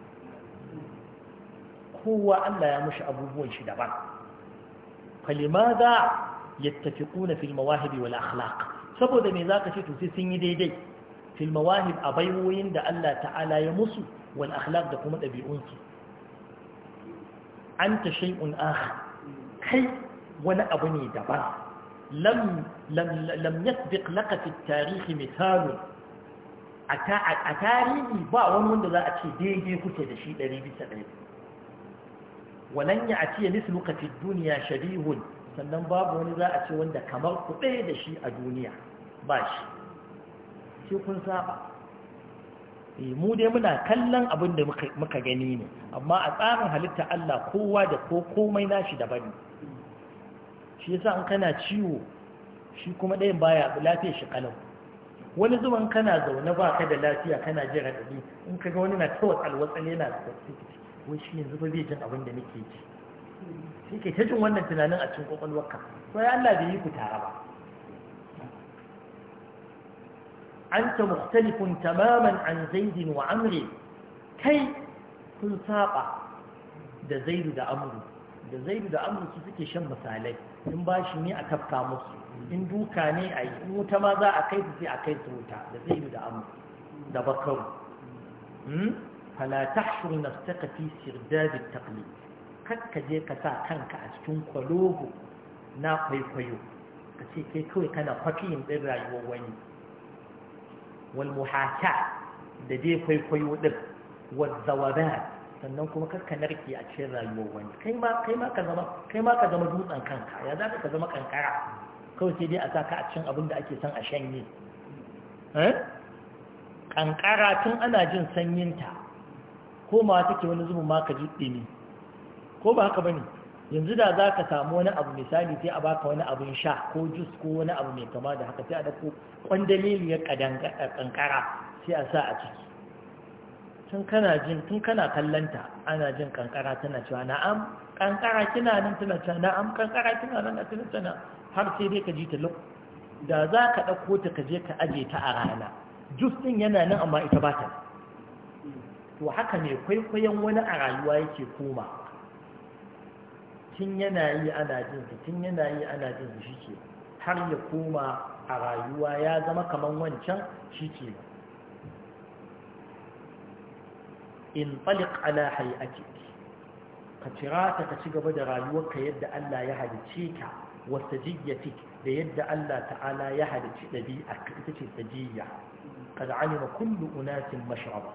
kowa Allah ya mushi abubuwan shi daban tafi kuna filma mawahib wal akhlaq saboda me zaka ce to sai sun yi daidai Filma wahib a baiwoyin da Allah ta'ala ya musu wal akhlaq da kuma dabi'un su anta shay'un akhar kai wani abu ne daban lam lam lam yasbiq laka fi tarikh a tarihi ba wani wanda za a ce daidai kuke da shi ɗari bisa ɗaya. walan ya ati ya mislu ka fi duniya sharihun sannan babu wani za a ce wanda kamar ku ɗaya da shi a duniya ba shi sai kun saba eh, mu dai muna kallon abin da muka gani ne amma a tsarin halitta Allah kowa da ko komai nashi daban ne shi yasa an kana ciwo shi kuma ɗayan baya lafiyar shi kalau wani zuwan kana zaune ba ka da lafiya kana jin raɗaɗi in ka ga wani na tawar alwatsan yana wai shi ne ba zai jin abin da nake ji shi ke ta jin wannan tunanin a cikin kwakwalwarka wai Allah bai yi ku tare ba anta mukhtalifun tamaman an zaidin wa amri kai kun saba da zaidu da amru da zaidu da amru su suke shan misalai in bashi ne a kafka musu in duka ne a yi in wuta ma za a kai su sai a kai su wuta da zaidu da amru da bakaru hmm? fala tahshur nafsaka fi sirdad at-taqlid kakka je ka sa kanka a cikin kwalogo na kwaikwayo ka ce kai kawai kana kwafiyin ɗin rayuwar wani wal muhaka da dai kwaikwayo ɗin wal zawara sannan kuma kakka narke a cikin rayuwar wani kai ma ka zama kai ma ka zama dutsen kanka ya za ka zama kankara kawai sai dai a saka a cikin abin da ake son a shanye kankara tun ana jin sanyinta komawa take wani zubin ma ka jiɗe ne ko ba haka bane yanzu da za ka samu wani abu misali sai a baka wani abin sha ko jus ko wani abu mai kama da haka sai a dako ya kankara sai a sa a ciki tun kana jin tun kana kallanta ana jin kankara tana cewa na'am kankara kina nan tana cewa na'am kankara kina nan tana cewa har sai dai ka ji ta lok da za ka ɗauko ta ka je ka aje ta a rana jus din yana nan amma ita ba ta to haka ne kwaikwayon wani a rayuwa yake koma tun yana yi ana jin su tun yana yi ana jin su ke, har ya koma a rayuwa ya zama kaman wancan ke. in talik ala hay'ati ka cira ta ka ci gaba da rayuwarka yadda Allah ya halicce ka wa sajiyyatik da yadda Allah ta'ala ya halicci dabi'a ita ce sajiyya qad alima kullu unasin mashraba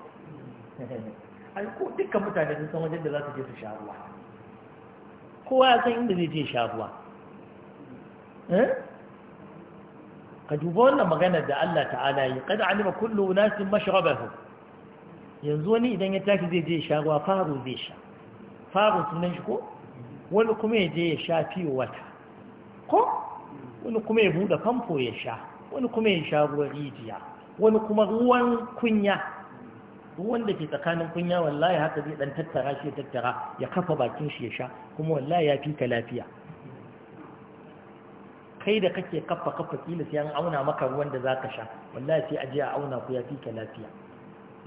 ai ko dukkan mutane sun san wajen da za su je su sha ruwa kowa ya san inda zai je sha ruwa eh? ka duba wannan magana da Allah ta'ala yi kada alima kullu unasin mashrabahu yanzu wani idan ya tashi zai je sha ruwa faru zai sha faru sunan shi ko wani kuma ya je ya sha fiye wata ko wani kuma ya buɗe famfo ya sha wani kuma ya sha ruwan rijiya wani kuma ruwan kunya duk wanda ke tsakanin kunya wallahi haka zai dan tattara shi tattara ya kafa bakin shi ya sha kuma wallahi ya fi ka lafiya kai da kake kafa kafa kila sai an auna maka ruwan da zaka sha wallahi sai aje a auna ku ya fi ka lafiya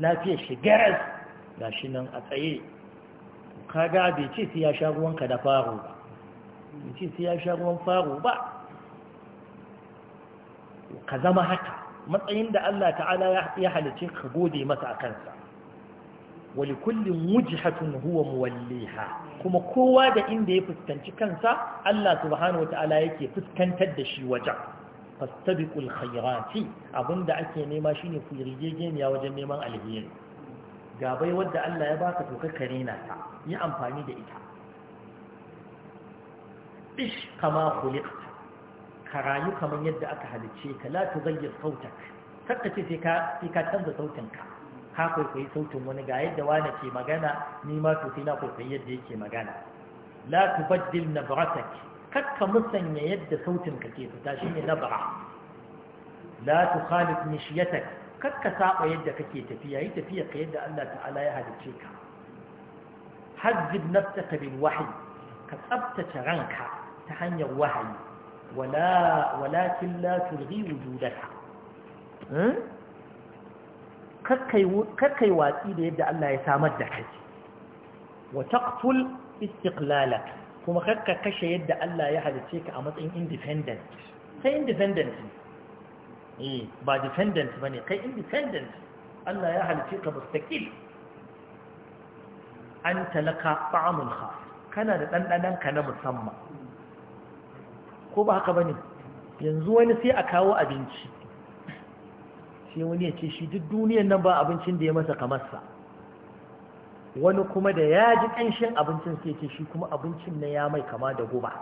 lafiyar shi garas gashi nan a tsaye kaga bai ce sai ya sha ka da faro ba bai ce sai ya sha ruwan faro ba ka zama haka matsayin da Allah ta'ala ya halice ka gode masa a kansa wali kullum wujhatun huwa muwalliha kuma kowa da inda ya fuskanci kansa Allah subhanahu wataala yake fuskantar da shi wajen fastabiqul khairati abinda ake nema shine ku rigegeniya wajen neman alheri ga bai wanda Allah ya baka to ka karena ta yi amfani da ita ish kama khuliqta ka rayu kamar yadda aka halicce ka la tuzayyir sautak kakkace sai ka sai ka canza sautinka ka kwaikwayi sautin wani ga yadda wani ke magana ni ma to sai na kwaikwayi yadda yake magana la tubaddil nabratak kakka musanya yadda sautin ka ke fita shine nabra la tukhalif mishyatak kakka saba yadda kake tafiya yi tafiya ka yadda Allah ta'ala ya halicce ka hajjib nafsaka bil wahyi ka tsabtace ranka ta hanyar wahayi wala walakin la tulghi wujudaka hmm? kakkai watsi da yadda Allah ya samar da kai wa taqtul istiqlalak kuma kakka kashe yadda Allah ya halice ka a matsayin independent kai independent eh ba dependent bane kai independent Allah ya halice ka mustaqil anta laka ta'amul khas kana da dandanan ka na musamman ko ba haka bane yanzu wani sai a kawo abinci sai wani ya ce shi duk duniyar nan ba abincin da ya masa kamar sa wani kuma da ya ji ƙanshin abincin sai ce shi kuma abincin na ya mai kama da guba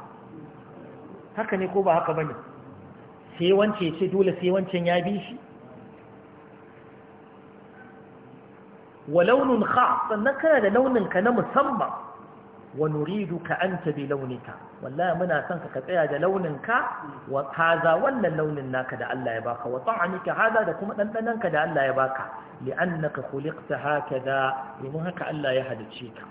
haka ne ko ba haka bane sai wance ya ce dole sai wancan ya bi shi wa launin kha sannan kana da launin ka na musamman wa nuriduka anta bi launika wallahi muna son ka tsaya da launinka wa haza wannan launin naka da Allah ya baka wa ta'anika haza da kuma dandanan ka da Allah ya baka li'annaka khuliqta hakaza domin haka Allah ya halice ka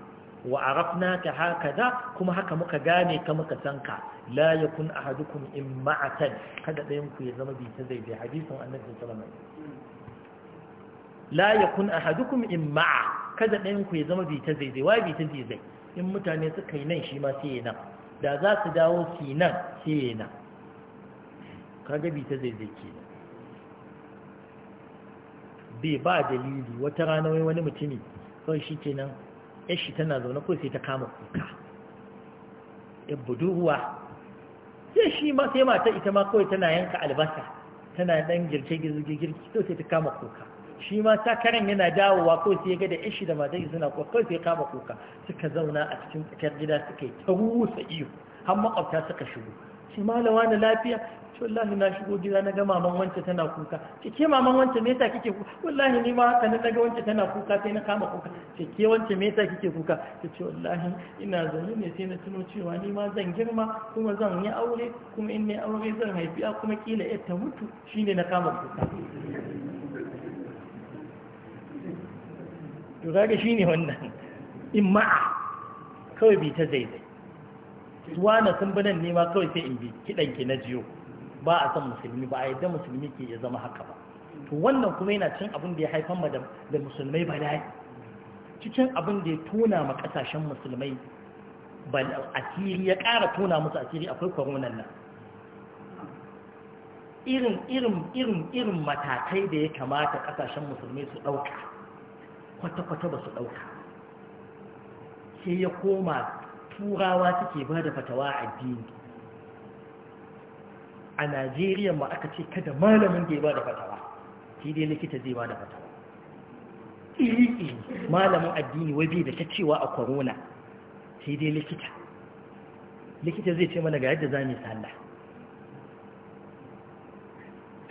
wa arafnaka hakaza kuma haka muka gane ka muka san ka la yakun ahadukum imma'atan kada dayan ku ya zama bi ta zai bi hadisin annabi sallallahu alaihi wasallam la yakun ahadukum imma'a kada dayan ku ya zama bi ta zai wa bi ta zai in mutane suka yi nan shi ma sai nan da za su dawo su yi nan sai nan kaga bi ta zai zai bai ba dalili wata rana wai wani mutumi kawai shi nan. ya shi tana zaune kawai sai ta kama kuka ya budurwa sai shi ma sai mata ita ma kawai tana yanka albasa tana dan girke girke to sai ta kama kuka shi ma karen yana dawowa kawai sai ga da ishi da matai suna kuwa kawai sai kama kuka suka zauna a cikin tsakar gida suka yi ta rusa iyo har makwabta suka shigo shi malawa na lafiya wallahi na shigo gida na ga maman wance tana kuka ke ke maman wance me yasa kike kuka wallahi ni ma haka na ga wance tana kuka sai na kama kuka ke ke wance me yasa kike kuka ke ce wallahi ina zaune ne sai na tuno cewa ni ma zan girma kuma zan yi aure kuma in ne aure zan haifi kuma kila ta mutu shine na kama kuka to kaga ne wannan in ma'a kawai bi ta zai suwa na sun binan ne kawai sai in bi kiɗan ki na jiyo ba a san musulmi ba a yadda musulmi ke ya zama haka ba to wannan kuma yana cin abin da ya haifan ma da musulmai ba bala'i cikin abin da ya tona ma kasashen musulmai asiri ya ƙara tona musu asiri akwai kwaronan nan irin irin irin irin matakai da ya kamata kasashen musulmai su ɗauka kwata-kwata ba su ɗauka sai ya koma turawa suke ba da fatawa addini a najeriya ma aka ce kada malamin da ya ba da fatawa shi dai likita zai ba da fatawa iri malamin addini wai bai da ta cewa a corona sai dai likita likita zai ce mana ga yadda za mu yi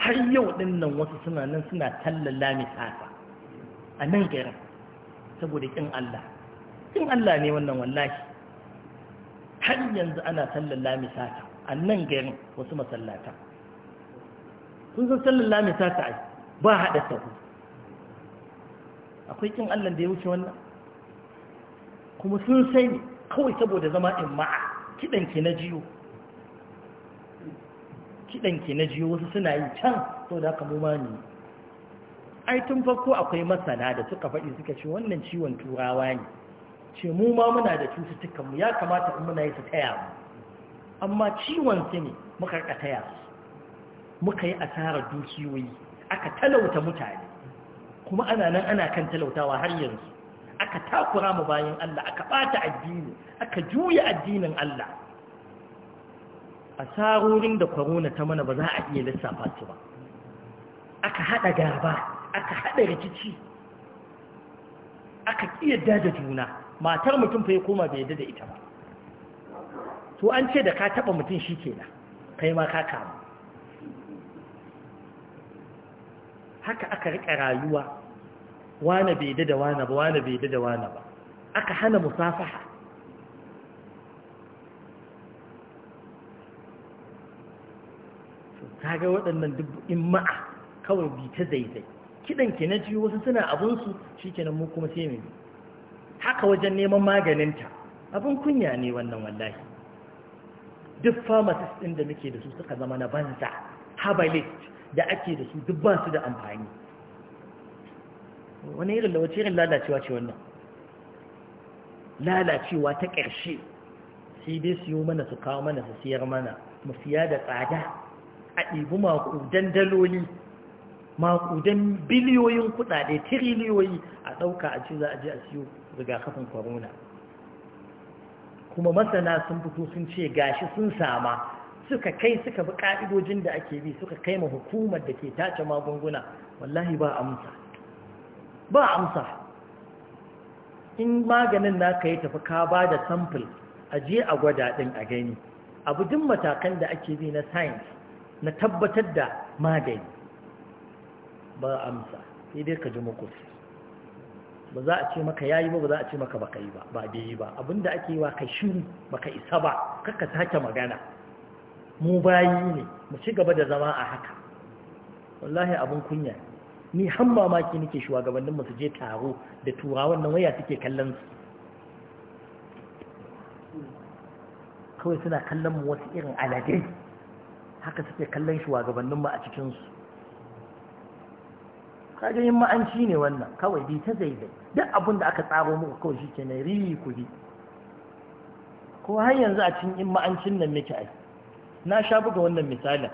har yau ɗin nan wasu suna nan suna tallalla misasa a nan garin saboda kin Allah kin Allah ne wannan wallahi har yanzu ana sallar Lami sata a nan garin wasu masallata kun san sallar Lami sata ai ba haɗa sahu akwai kin Allah da ya wuce wannan kuma sun sai kawai saboda zama in ma'a ke na jiyo ke na jiyo wasu suna yi can sau da aka mu ma ne ai tun farko akwai masana da suka faɗi suka ce wannan ciwon turawa ne ce mu ma muna da cututtukan mu ya kamata in muna yi su taya mu amma ciwon su ne muka rika taya su muka yi asarar dukiyoyi aka talauta mutane kuma ana nan ana kan talautawa har yanzu aka takura mu bayan Allah aka bata addini aka juya addinin Allah asarorin da corona ta mana ba za a iya lissafa su ba aka hada gaba aka haɗa rikici aka ƙiyarda da juna matar mutum fa ya koma bai yadda da ita ba to an ce da ka taɓa mutum shi ke da, kai ma ka kama haka aka riƙa rayuwa wane bai yadda da wane ba wane bai yadda da wane ba aka hana musafaha ga waɗannan dubu in ma'a kawai bi ta zaizai kiɗan ki na ji wasu suna abinsu shi kenan mu kuma sai mu haka wajen neman maganinta abin kunya ne wannan wallahi duk pharmacist ɗin da muke da su suka zama na banza herbalist da ake da su duk ba su da amfani wani irin wace irin lalacewa ce wannan lalacewa ta ƙarshe sai dai siyo mana su kawo mana su siyar mana mu siya da tsada a ɗibi maku dandaloli. makudan biliyoyin kuɗaɗe tiriliyoyi a ɗauka a ce za a je a siyo rigakafin corona kuma masana sun fito sun ce gashi sun sama suka kai suka bi ka'idojin da ake bi suka kai ma hukumar da ke tace magunguna wallahi ba amsa ba amsa in maganin naka yi tafi ka ba da sample a je a gwada ɗin a gani abu duk matakan da ake bi na science na tabbatar da magani ba amsa sai dai ka ji makus ba za a ce maka yayi ba ba za a ce maka baka yi ba ba da yi ba abinda ake yi wa ka shiru baka isa ba kakka sake magana mu bayi ne mu ci gaba da zama a haka wallahi abin kunya ni har mamaki nake shugabannin mu su je taro da turawan nan waya suke kallon su kawai suna kallon mu wasu irin aladai haka suke kallon shugabannin mu a cikin su kaga yin ma'anci ne wannan kawai bi ta zai zai. duk abin da aka tsaro muku kawai shi ke na ku bi ko har yanzu a cikin in ma'ancin nan muke ai na sha buga wannan misalin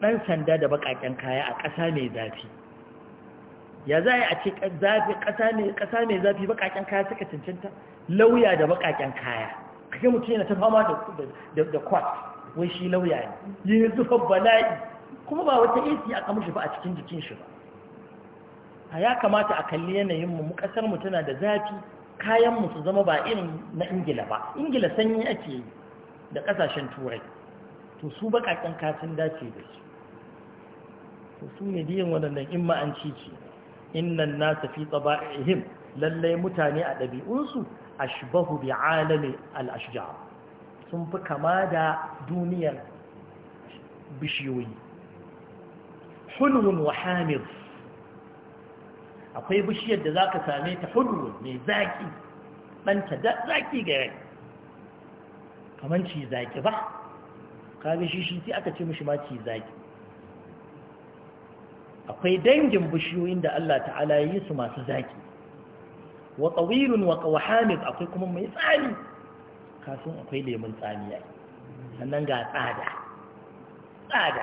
ɗan sanda da baƙaƙen kaya a ƙasa mai zafi ya za a ce ƙasa mai zafi bakaken kaya suka cancanta lauya da baƙaƙen kaya kake mutum yana ta fama da kwat wai shi lauya ne yanzu zufa bala'i kuma ba wata ac aka mushi ba a cikin jikin shi ba a ya kamata a kalli yanayinmu mu kasar mu tana da zafi kayan mu su zama ba irin na ingila ba ingila sanyi ake yi da kasashen turai to su bakakken katin dace da su to su ne biyan waɗannan in an ci ce innan nasa fi tsaba'ihim lallai mutane a ɗabi'unsu ashbahu bi alami al sun fi kama da duniyar bishiyoyi hulun wa hamir akwai bishiyar da za ka same ta hudu mai zaki ta zaki ga rai kamar ci zaki ba Ka shi shi sai aka ce mishi ma ci zaki akwai dangin bishiyoyin da Allah ta'ala ya yi su masu zaki wa tsawirun wa kawahamid akwai kuma mai tsani Kafin akwai lemun tsamiya sannan ga tsada tsada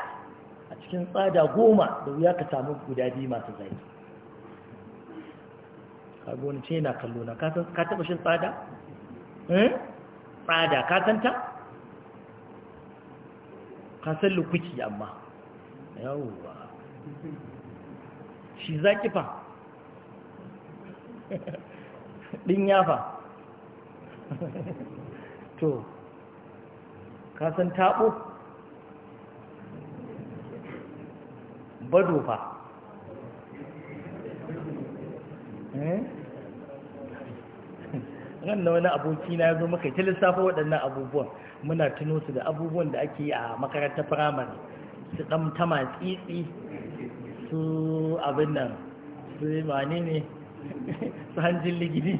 a cikin tsada goma da wuya ka samu guda biyu masu zaki Ka wani ce yana kallo na ka taɓa shi tsada? Eh? tsada ka santa? ka san lukuki amma yawwa shi zaki fa ɗin yafa to ka san taɓo bado fa eh ran na wani aboki na zo muka ta lissafa waɗannan abubuwan muna tuno su da abubuwan da ake a makarantar firamare su ɗan tama tsitsi su abin nan su wane ne su hanjin ligidi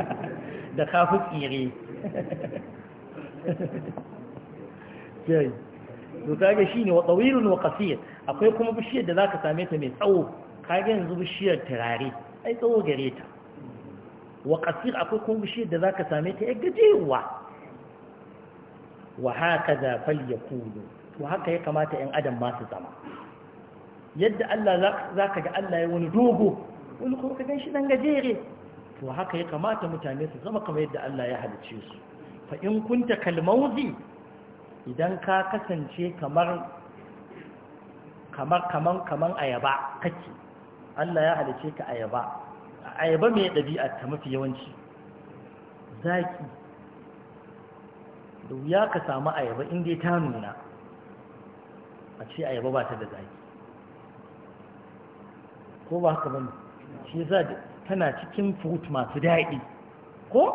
da kafin tsire jai to kage shi wa tawilun wa qasir akwai kuma bishiyar da zaka same ta mai tsawo kage yanzu bishiyar turare ai tsawo gare ta wa qasir akwai kuma bishiyar da zaka same ta yadda gajewa wa hakaza falyakunu to haka ya kamata ɗan adam ma su zama yadda Allah zaka ga Allah ya wani dogo wani kuma ka ganshi dan gajere to haka ya kamata mutane su zama kamar yadda Allah ya halicce su fa in kunta kalmauzi idan ka kasance kamar kamar kaman kamar ayaba kake Allah ya halice ka ayaba A ayaba mai ɗabi'a ta mafi yawanci zaƙi. da wuya ka samu ayaba inda ta nuna a ce ayaba ba ta da zaƙi. ko ba haka bane shi yasa tana cikin fruit masu daɗi ko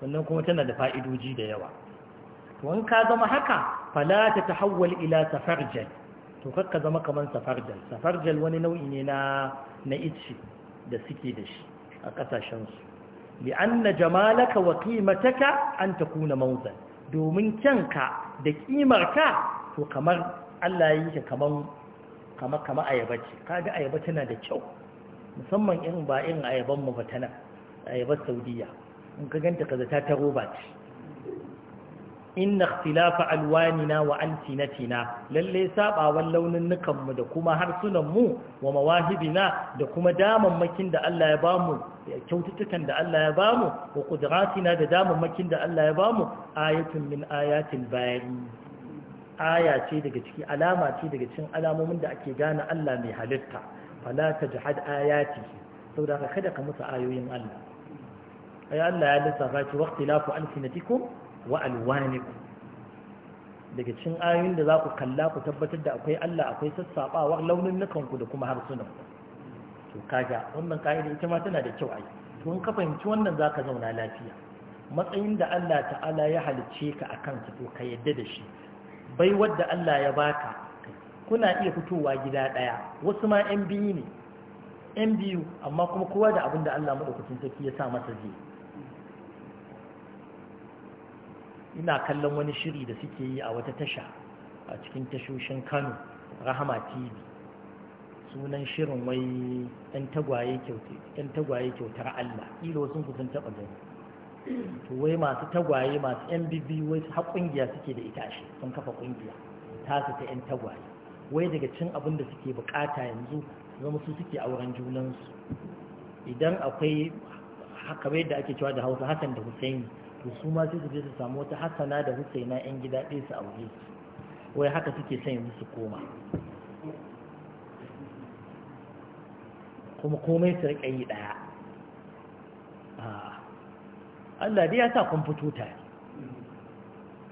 sannan kuma tana da fa'idoji da yawa to ka zama haka falata ta tahawwal ila safarjal to kakka zama kamar safarjal safarjal wani nau'i ne na na ice da suke da shi a ƙasashensu li'anna jamalaka wa qimataka an takuna mauzan domin kyanka da ƙimarka to kamar Allah ya yi ka kamar kama kama ayaba ce kaga ayaba tana da kyau musamman irin ba irin ayaban mu ba tana ayabar Saudiya in ka ganta kaza ta taro ba ce inna ikhtilafa alwanina wa alsinatina lalle sabawan launin mu da kuma harsunanmu wa mawahibina da kuma damammakin da Allah ya bamu kyaututtukan da Allah ya bamu wa qudratina da damammakin da Allah ya bamu ayatun min ayatil bari aya ce daga ciki alama ce daga cikin alamomin da ake gane Allah mai halitta fala tajhad ayati saboda kada ka musu ayoyin Allah ay Allah ya lissafa ki waqtilafu alsinatikum wa daga cikin ayoyin da za ku kalla ku tabbatar da akwai Allah akwai sassaɓawar launin nukanku da kuma harsunan to kaga wannan ka'ida ita ma tana da kyau ai to in ka fahimci wannan zaka zauna lafiya matsayin da Allah ta'ala ya halicce ka akan sa to ka yadda da shi bai wadda Allah ya baka kuna iya fitowa gida ɗaya. wasu ma yan biyu ne yan biyu amma kuma kowa da abin da Allah madaukakin sarki ya sa masa zai ina kallon wani shiri da suke yi a wata tasha a cikin tashoshin kano rahama tv sunan shirin wai yan tagwaye kyautar allah ilo sun kusan taɓa gani to wai masu tagwaye masu yan bibi wai har ƙungiya suke da ita shi sun kafa ƙungiya Ta su ta yan tagwaye wai daga cin abin da suke bukata yanzu zama su suke auren junansu idan akwai kamar yadda ake cewa da hausa hakan da husaini to su ma sai su je su samu wata hassana da husaina yan gida ɗaya su aure wai haka suke son musu su koma kuma komai su riƙa yi ɗaya Allah dai ya sa kun fito ta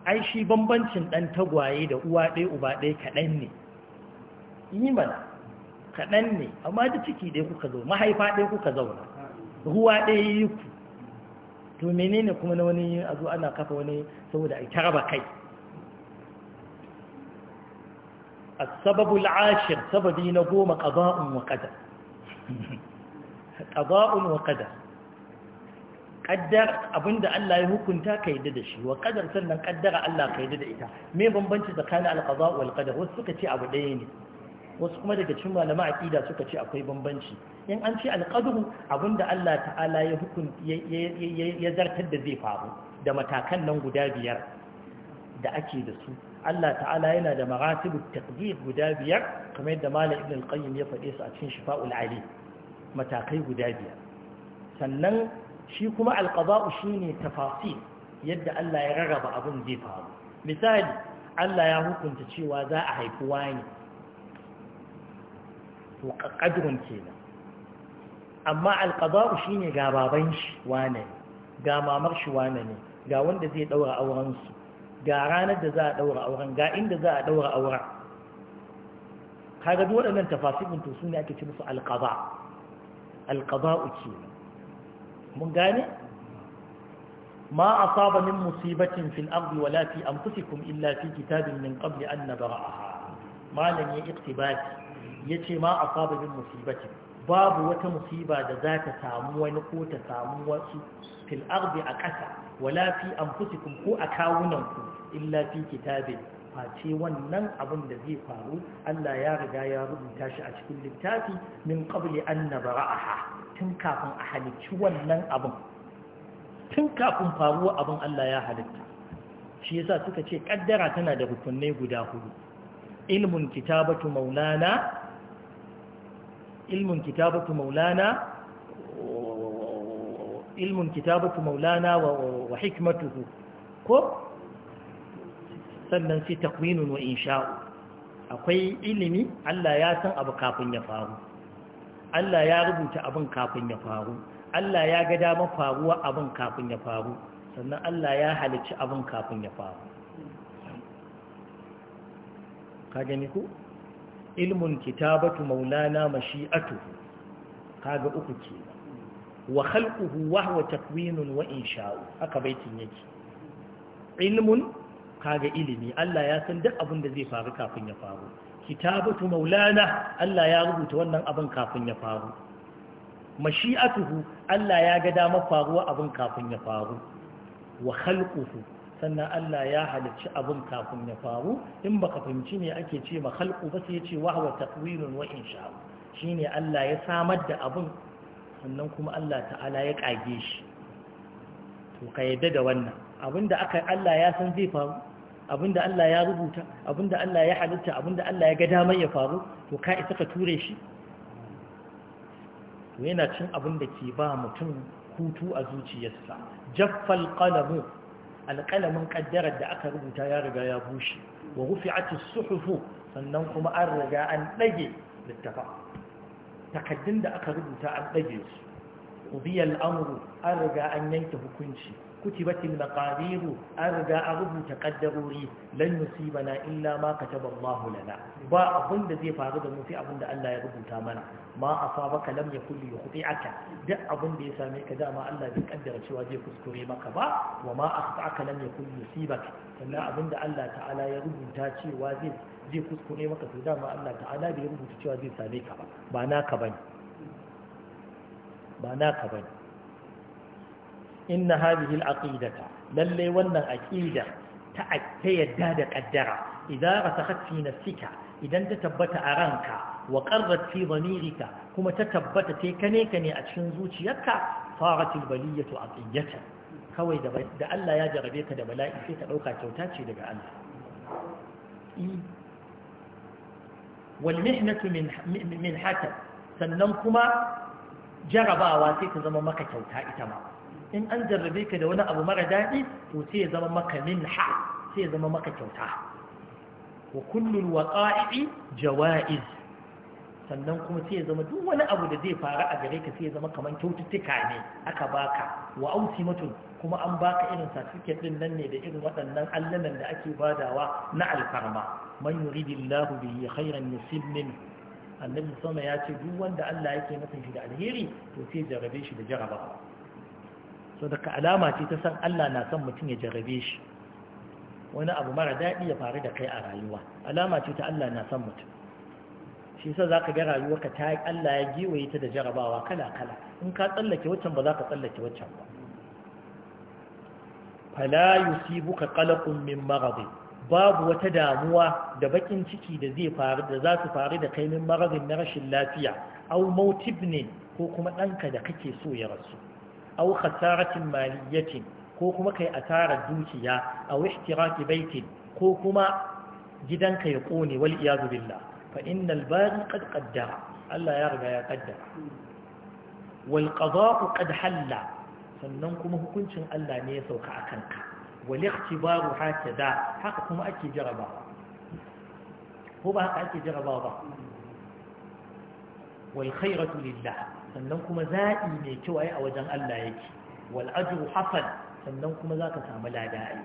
ai shi bambancin ɗan tagwaye da uwa ɗaya uba ɗaya kaɗan ne Yi mana. kaɗan ne amma da ciki ɗaya kuka zo mahaifa ɗaya kuka zauna ruwa ɗaya yi ku to menene kuma na wani a zo ana kafa wani saboda a taraba kai A sababu السبب العاشر سببي نقوم قضاء وقدر قضاء وقدر ƙaddar abinda Allah ya hukunta ka yadda da shi wa qadar sannan ƙaddara Allah ka yadda da ita me bambanci tsakanin alƙaba'u qada wal wasu suka ce abu ɗaya ne wasu kuma daga cin malama aqida suka ce akwai bambanci in an ce alqadru abinda Allah ta'ala ya hukun ya zartar da zai faru da matakan nan guda biyar da ake da su Allah ta'ala yana da maratibut taqdir guda biyar kamar yadda malam ibn al-qayyim ya faɗe su a cikin shifa'ul ali matakai guda biyar sannan shi kuma alqada'u shine tafasil yadda Allah ya rarraba abin zai faru misali Allah ya hukunta cewa za a haifi wani to ƙadrun kenan amma alƙada'u shi ne ga baban shi wane ne ga mamar shi wane ne ga wanda zai ɗaura aurensu ga ranar da za a ɗaura auren ga inda za a ɗaura auren kaga duk waɗannan tafasirin to su ne ake ce musu alƙada alƙada'u ce mun gane ma a saba min musibatin fil abu wala fi anfusikum illa fi kitabin min qabli an nabra'aha malam ya iqtibati yace ma asaba min musibati babu wata musiba da za ta samu wani ko ta samu wasu filarbi a ƙasa wala fi anfusikum ko a kawunanku illa fi kitabin face wannan abin da zai faru Allah ya riga ya rubuta shi a cikin littafi min qabli an tun kafin a halicci wannan abin tun kafin faruwa abin Allah ya halitta shi yasa suka ce ƙaddara tana da rukunai guda hudu ilmun kitabatu maulana ilmin kitabatu maulana ilmin kitabatu maulana wa hikmatuhu ko sannan sai takwinun wa insha'u akwai ilimi Allah ya san abu kafin ya faru Allah ya rubuta abin kafin ya faru Allah ya ga damar faruwa abin kafin ya faru sannan Allah ya halicci abin kafin ya faru ka gani ku ilmun kitabatu maulana mashi'atuhu kaga uku ke wa khalquhu wa huwa takwinun wa insha'u haka baitin yake ilmun kaga ilimi Allah ya san duk abin da zai faru kafin ya faru kitabatu maulana Allah ya rubuta wannan abin kafin ya faru mashi'atuhu Allah ya ga dama faruwa abin kafin ya faru wa khalquhu sannan Allah ya halicci abin kafin ya faru in baka fahimci me ake ce ma khalqu ba sai ya ce wahwa taqwirun wa insha shine Allah ya samar da abin sannan kuma Allah ta'ala ya kage shi to ka yadda da wannan abinda aka Allah ya san zai faru abinda Allah ya rubuta abinda Allah ya halitta abinda Allah ya ga damar ya faru to ka isa ka ture shi to yana cin abin da ke ba mutum hutu a zuciyarsa jaffal qalamu alƙalamin ƙaddarar da aka rubuta ya riga ya bushe wa rufi'atis suhufu sannan kuma an riga an ɗage littafa takaddun da aka rubuta an ɗage su ubiyal amru an riga an yanke hukunci كتبت المقادير أرجى أرجو تقدروري لن يصيبنا إلا ما كتب الله لنا وأظن ذي فارد المفي أظن أن لا يربو تامنا ما أصابك لم يكن ليخطئك دع أظن ذي ساميك دع ما ألا بقدر شواجه كسكري مكبا وما أخطأك لم يكن يصيبك فلا أظن أن لا تعالى يربو تاتي وازي ذي كسكري مكبا دع ما ألا تعالى يربو تاتي وازي ساميك با با ناك بني ba naka bane inna hadhihi al-aqidata lalle wannan aqida ta ta yadda da kaddara idan rasakhat na sika idan ta tabbata a ranka wa qarrat fi dhamirika kuma ta tabbata sai kane kane a cikin zuciyarka faratil baliyatu aqiyata kawai da Allah ya jarabe ka da bala'i sai ka dauka kyauta ce daga Allah والمحنة من min حسن sannan kuma jarabawa sai ta zama maka kyauta ita ma in an jarrabe ka da wani abu mara daɗi to sai ya zama maka minha sai ya zama maka kyauta wa kullul waqa'i jawaiz sannan kuma sai ya zama duk wani abu da zai faru a gare ka sai ya zama kamar kyaututtuka ne aka baka wa mutum kuma an baka irin satifiket din nan ne da irin waɗannan allanan da ake badawa na alfarma man yuridillahu bihi khairan yusib min annabi sama ya ce duk wanda Allah yake masa shi da alheri to sai jarabe shi da jarabawa so daga alama ce ta san Allah na son mutum ya jarabe shi wani abu mara daɗi ya faru da kai a rayuwa alama ce ta Allah na son mutum shi sa za ka ga ka ta Allah ya giwaye ta da jarabawa kala-kala in ka tsallake waccan ba za ka tsallake waccan ba fala yusibuka qalaqun min maradin babu wata damuwa da bakin ciki da zai faru da za su faru da kai min maradin na rashin lafiya aw mautib ne ko kuma ɗanka da kake so ya rasu aw khasaratin maliyatin ko kuma kai asarar dukiya aw ihtiraki baitin ko kuma gidanka ya kone wal iyadu billah fa innal bari qad qaddara Allah ya riga ya qaddara wal qada'u qad halla sannan kuma hukuncin Allah ne ya sauka akan ka wal ikhtibaru hakada haka kuma ake jaraba ko ba haka ake jarabawa ba wal khayratu lillah sannan kuma zaɓi mai kyau ai a wajen Allah yake wal ajru hasan sannan kuma za ka samu lada ai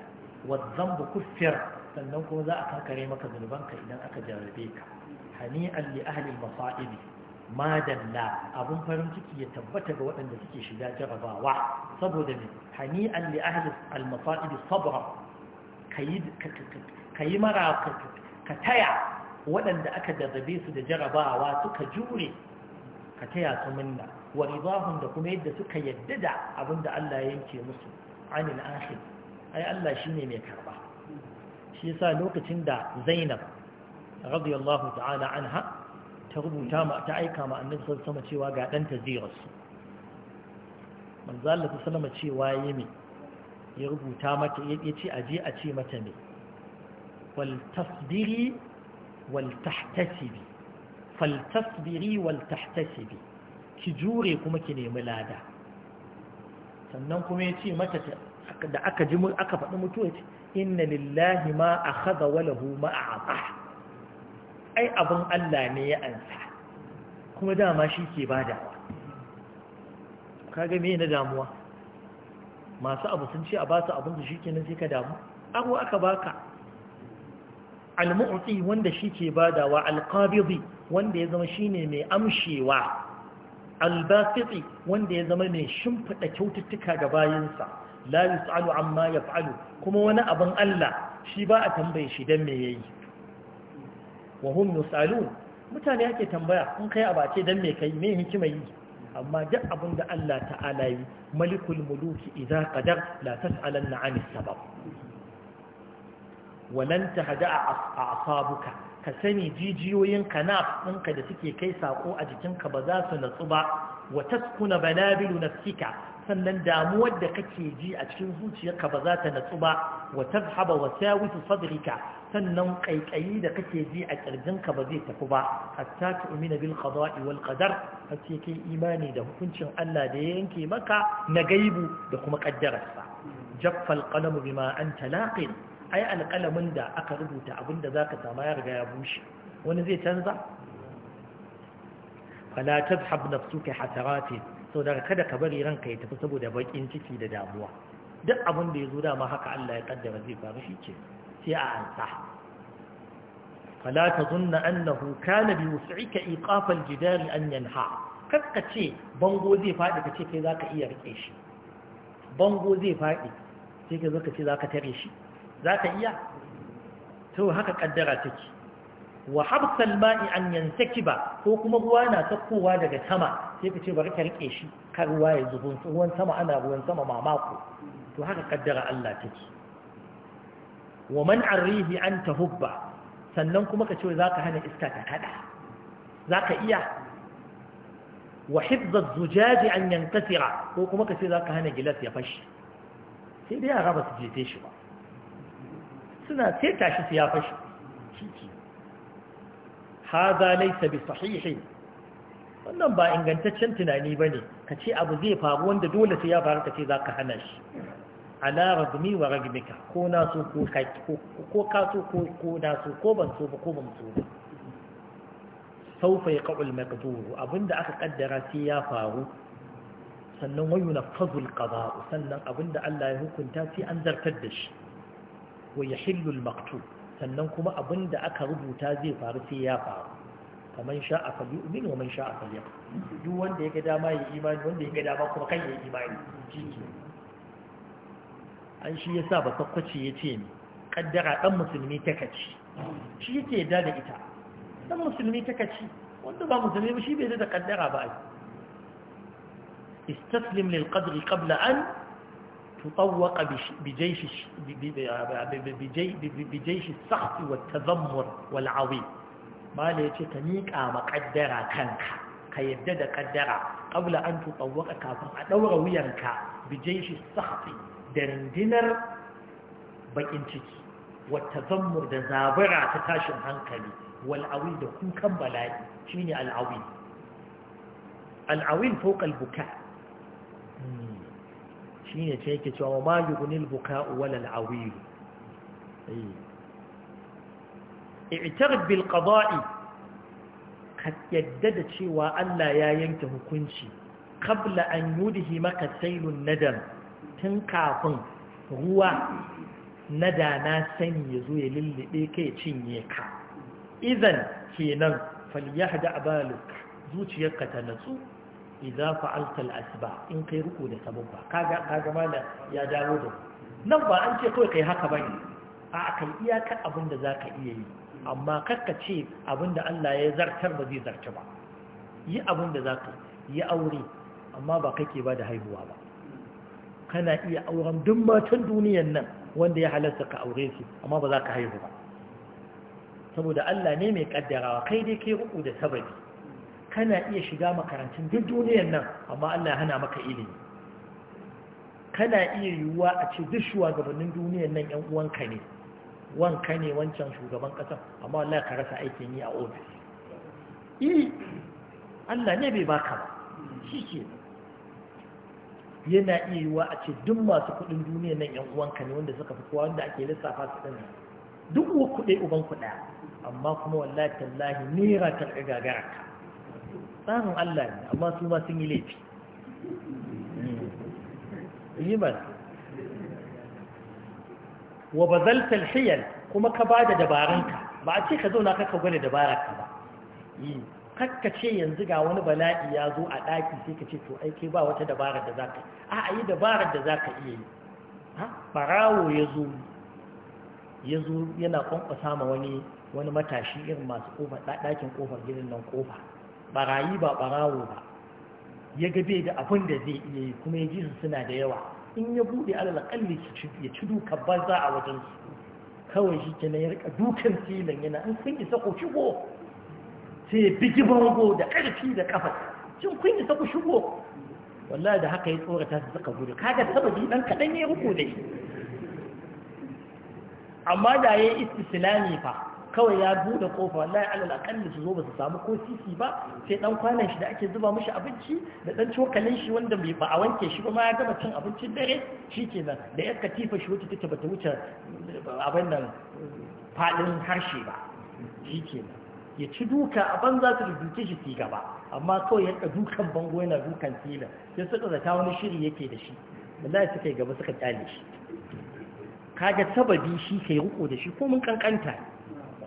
wal dhanbu kuffir sannan kuma za a kankare maka zunubanka idan aka jarrabe ka hani'an li ahli al-masa'ib madalla abun farin ciki ya tabbata ga waɗanda suke shiga jarabawa saboda me hani'an li ahli al-masa'ib sabra kayi kayi mara ka taya waɗanda aka jarrabe su da jarabawa suka jure ka taya su minna wa ridahum da kuma yadda suka yadda da abinda Allah ya yanke musu anil akhir ai Allah shine mai karba shi yasa lokacin da Zainab radiyallahu ta'ala anha ta rubuta ma ta aika ma annabi sallallahu alaihi cewa ga ɗanta zai rasu manzo Allah sallallahu cewa ya rubuta mata ya ce aje a ce mata me wal tasbiri wal tahtasibi faltasbiri wal tahtasibi ki jure kuma ki nemi lada sannan kuma ya ce mata da aka ji aka faɗi mutuwa ce inna lillahi ma a haza walahu ma a haza ai abin Allah ne ya ansa kuma dama shi ke ka ga me na damuwa masu abu sun ce a basu abin da shi ke nan sai ka damu abu aka baka al-mu'ti wanda shi ke badawa al-qabidi wanda ya zama shine mai amshewa albasiti wanda ya zama mai shimfiɗa kyaututtuka ga bayansa la yus'alu amma yaf'alu kuma wani abin Allah shi ba a tambaye shi dan me yayi wa hum yus'alun mutane ake tambaya in kai a abace dan me kai me hikima yi amma duk abin da Allah ta'ala yi malikul muluki idza qadar la tas'alanna 'anil sabab walan a a'sabuka ka sani jijiyoyin kanaf ɗinka da suke kai sako a jikinka ba za su natsu ba wa taskuna banabilu nafsika sannan damuwar da kake ji a cikin zuciyarka ba za ta natsu ba wa tazhaba wasawisu sadrika sannan kaikayi da kake ji a kirjinka ba zai tafi ba hatta umina bil qada'i wal qadar kai imani da hukuncin Allah da ya yanke maka na gaibu da kuma kaddararsa jaffa al qalam bima anta laqin ai alƙalamin da aka rubuta abin da za ka sama ya riga ya bushe wani zai canza fala tazhab nafsuka hatarati sau daga kada ka bari ranka ya tafi saboda bakin ciki da damuwa duk abin da ya zo dama haka Allah ya kaddara zai faru shi ce sai a ansa fala tazunna annahu kana bi wus'ika iqaf al an yanha kakka ce bango zai faɗi ka ce kai zaka iya rike shi bango zai faɗi sai ka zo ce zaka tare shi za ka iya to haka kaddara take wa habsal ma'i an ba. ko kuma ruwa na sakkowa daga sama sai ka ce bari ka rike shi kar ruwa ya zubun ruwan sama ana ruwan sama mamako to haka kaddara Allah take wa man arrihi an tahubba sannan kuma ka ce za ka hana iska ta kada za ka iya wa hifza zujaji an yankasira ko kuma ka ce za ka hana gilas ya fashi sai dai a raba su jefe shi ba suna sai tashi su ya fashi haza laisa bi sahihi wannan ba ingantaccen tunani ba ne ka ce abu zai faru wanda dole sai ya faru ka ce za ka hana shi ala ragmi wa ragmika ko na so ko ka so ko so ko ban so ba ko ban so ba saufa ya abinda aka kaddara sai ya faru sannan wayu na fazul qada'u sannan abinda Allah ya hukunta sai an zartar da shi wa yahillu al-maktub sannan kuma abin da aka rubuta zai faru sai ya faru kaman sha'a fa yu'min wa man sha'a falyakfur duk wanda ya ga dama ya imani wanda ya ga dama kuma kan ya imani an shi sa ba sakwace ce ni kaddara dan musulmi ta kaci shi yake da da ita dan musulmi ta kaci wanda ba musulmi ba shi bai da kaddara ba ai استسلم للقدر قبل أن تطوق بجيش بجيش السخط والتذمر والعظيم ما ليش تنيك آم قدرة كنك كيدد قدرة قبل أن تطوق كافر أدور وينك بجيش السخط درندنر بإنتك والتذمر دزابرة تتاشم هنكلي والعويل كن كم بلاي شيني العويل العويل فوق البكاء ne ce yake cewa ma yughnil buka'u wal awil eh. i'tarib ka yadda da cewa Allah ya yanke hukunci kabla an yudhi maka sailun nadam tun kafin ruwa na da na sani ya zo ya lullube kai cinye ka idan kenan falyahda abaluk zuciyarka ta natsu idza fa'alta al-asba in kai ruku da sababba kaga kaga mala ya dawo da nan ba an ce kawai kai haka bane a kai iyaka abinda zaka iya yi amma karka ce abinda Allah ya zartar ba zai zarta ba yi abinda zaka yi aure amma ba kake ba da haihuwa ba kana iya auren duk matan duniyar nan wanda ya halarta ka aure shi amma ba za ka haihu ba saboda Allah ne mai kaddarawa kai dai kai ruku da sababi kana iya shiga makarantun duk duniyar nan amma Allah ya hana maka ilimi kana iya yiwuwa a ce duk shugabannin duniyar nan yan uwanka ne wanka ne wancan shugaban ƙasar amma Allah ka rasa aikin yi a ofis i Allah ne bai baka ba shi ke yana iya yiwuwa a ce duk masu kudin duniyar nan yan uwanka ne wanda suka fi kowa wanda ake lissafa su din duk uwa kuɗe uban kuɗa amma kuma wallahi tallahi nera ta gagara tsarin Allah ne amma su ma sun yi laifi hmm. yi ba wa zaltar kuma ka bada dabaranka ba a ce ka zauna kaka gwada ka ba yi kakka ce yanzu ga wani bala'i ya zo a ɗaki sai ka ce to aiki ba wata dabarar da za ka a a yi dabarar da za ka iya yi Farawo ya zo ya zo yana kwankwasa ma wani matashi irin masu ɗakin ƙofar gidan nan ƙofa barayi ba barawo ba ya ga bai da abin da zai iya yi kuma ya ji su suna da yawa in ya buɗe alal kalli ya ci duka banza a wajen su kawai shi kenan ya rika dukan filin yana an kun isa ku shigo sai ya bigi bango da ƙarfi da kafa cin kun isa ku shigo wallahi da haka ya tsorata su suka gudu kaga sababi dan kaɗan ya ruko da shi amma da ya yi fa kawai ya buɗe kofa wallahi alal akalli su zo ba su samu ko sisi ba sai dan kwanan shi da ake zuba mishi abinci da dan cokalin shi wanda bai ba a wanke shi ba ma ya gama cin abincin dare shi ke nan da yar katifa shi take bata wuce abin nan faɗin harshe ba shi ke nan ya ci duka a banza su duke shi ci gaba amma kawai ya ka dukan bango yana dukan tilan sai suka zata wani shiri yake da shi wallahi suka yi gaba suka kyale shi kaga sababi shi kai riko da shi ko mun kankanta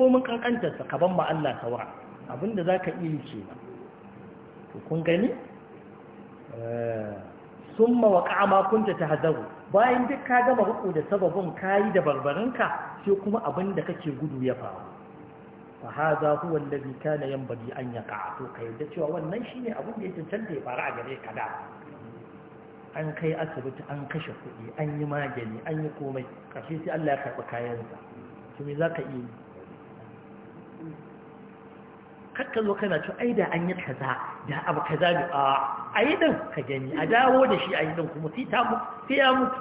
ko mun kankantarsa ka ban ma Allah saura abinda za ka iya ce ba to kun gani eh, sun mawaƙa ma kunta ta hazaru bayan duk ka gama riko da sababin kayi da barbarinka sai kuma abinda kake gudu ya faru fa haza huwa allazi kana yanbaghi an yaqa to kai da cewa wannan shine abin da ya cancanta ya faru a gare ka da an kai asibiti an kashe kuɗi an yi magani an yi komai kashi sai Allah ya karɓi kayansa to me zaka iya kakka zo kana to ai da an yi kaza da abu kaza ne a ayi din ka gani a dawo da shi ayi din kuma sai ta mu sai ya mutu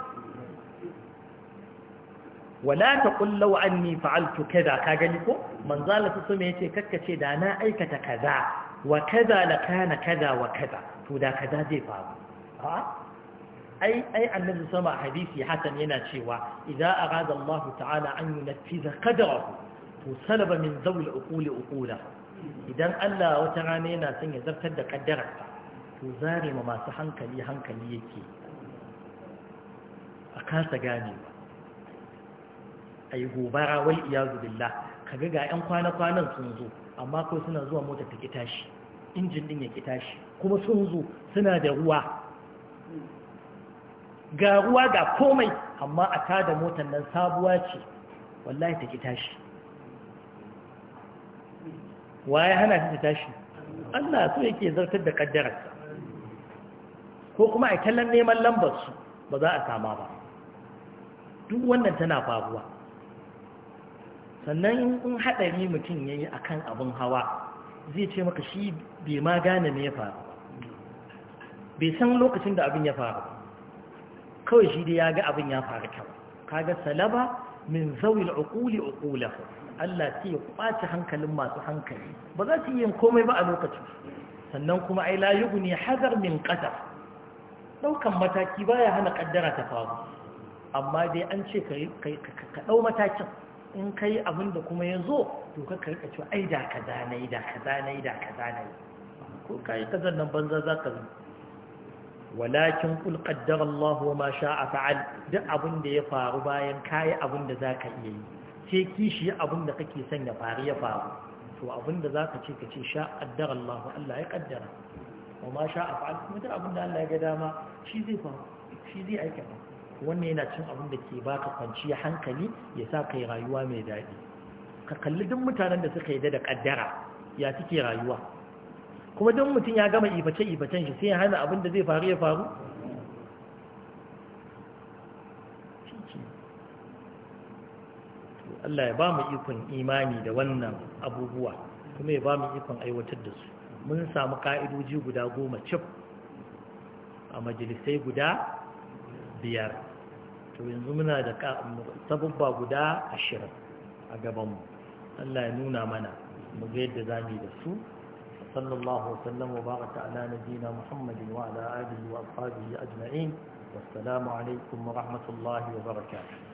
wala taqul law anni fa'altu kaza ka gani ko manzo Allah su me yace karka ce da na aikata kaza wa kaza la kana kaza wa kaza to da kaza zai faru a ai ai annabi sama hadisi hasan yana cewa idza arada Allah ta'ala an yunfiza qadrahu to salaba min zawi al-uqul uqulahu idan Allah wata rana yana son ya zartar da kaddara to zare ma masu hankali hankali yake a kasa gane ai gobara wal iyazu billah kaga ga ƴan kwana-kwanan sun zo amma ko suna zuwa mota ta ki tashi injin din ya ki tashi kuma sun zo suna da ruwa ga ruwa ga komai amma a tada motar nan sabuwa ce wallahi ta ki tashi wa ya hana shi ta tashi Allah so yake zartar da kaddararsa ko kuma a kallon neman lambar su ba za a kama ba duk wannan tana faruwa sannan in haɗari mutum ya yi a kan abin hawa zai ce maka shi bai ma gane me ya faru bai san lokacin da abin ya faru kawai shi dai ya ga abin ya faru kyau kaga salaba min zawil uquli uqulahu Allah sai ya kwace hankalin masu hankali ba za su yi yin komai ba a lokacin sannan kuma ai la ne hazar min qadar daukan mataki baya hana kaddara ta faru amma dai an ce ka ka dau matakin in kai abin da kuma yazo to ka ka rika ai da kaza nayi da kaza nayi da kaza nayi ko kai kazan nan banza za ka zo walakin kul qaddara Allah wa ma sha'a fa'al duk abin da ya faru bayan kai abin da zaka iya yi sai kishi abin da kake son ya faru ya faru to abin da za ka ce ka ce sha addara Allah Allah ya kaddara wa ma sha afa'al kuma duk abin da Allah ya ga dama shi zai faru shi zai aikata wannan yana cin abin da ke baka kwanciya hankali ya sa kai rayuwa mai daɗi ka kalli duk mutanen da suka yi da kaddara ya suke rayuwa kuma duk mutum ya gama ibace ibacen shi sai ya hana abin da zai faru ya faru Allah ya ba mu ikon imani da wannan abubuwa kuma ya ba mu ikon aiwatar da su mun samu ka'idoji guda goma cif a majalisai guda biyar to yanzu muna da sabubba guda ashirin a gabanmu Allah ya nuna mana mu ga yadda za mu yi da su صلى الله وسلم وبارك على نبينا محمد وعلى آله وأصحابه أجمعين والسلام عليكم ورحمة الله وبركاته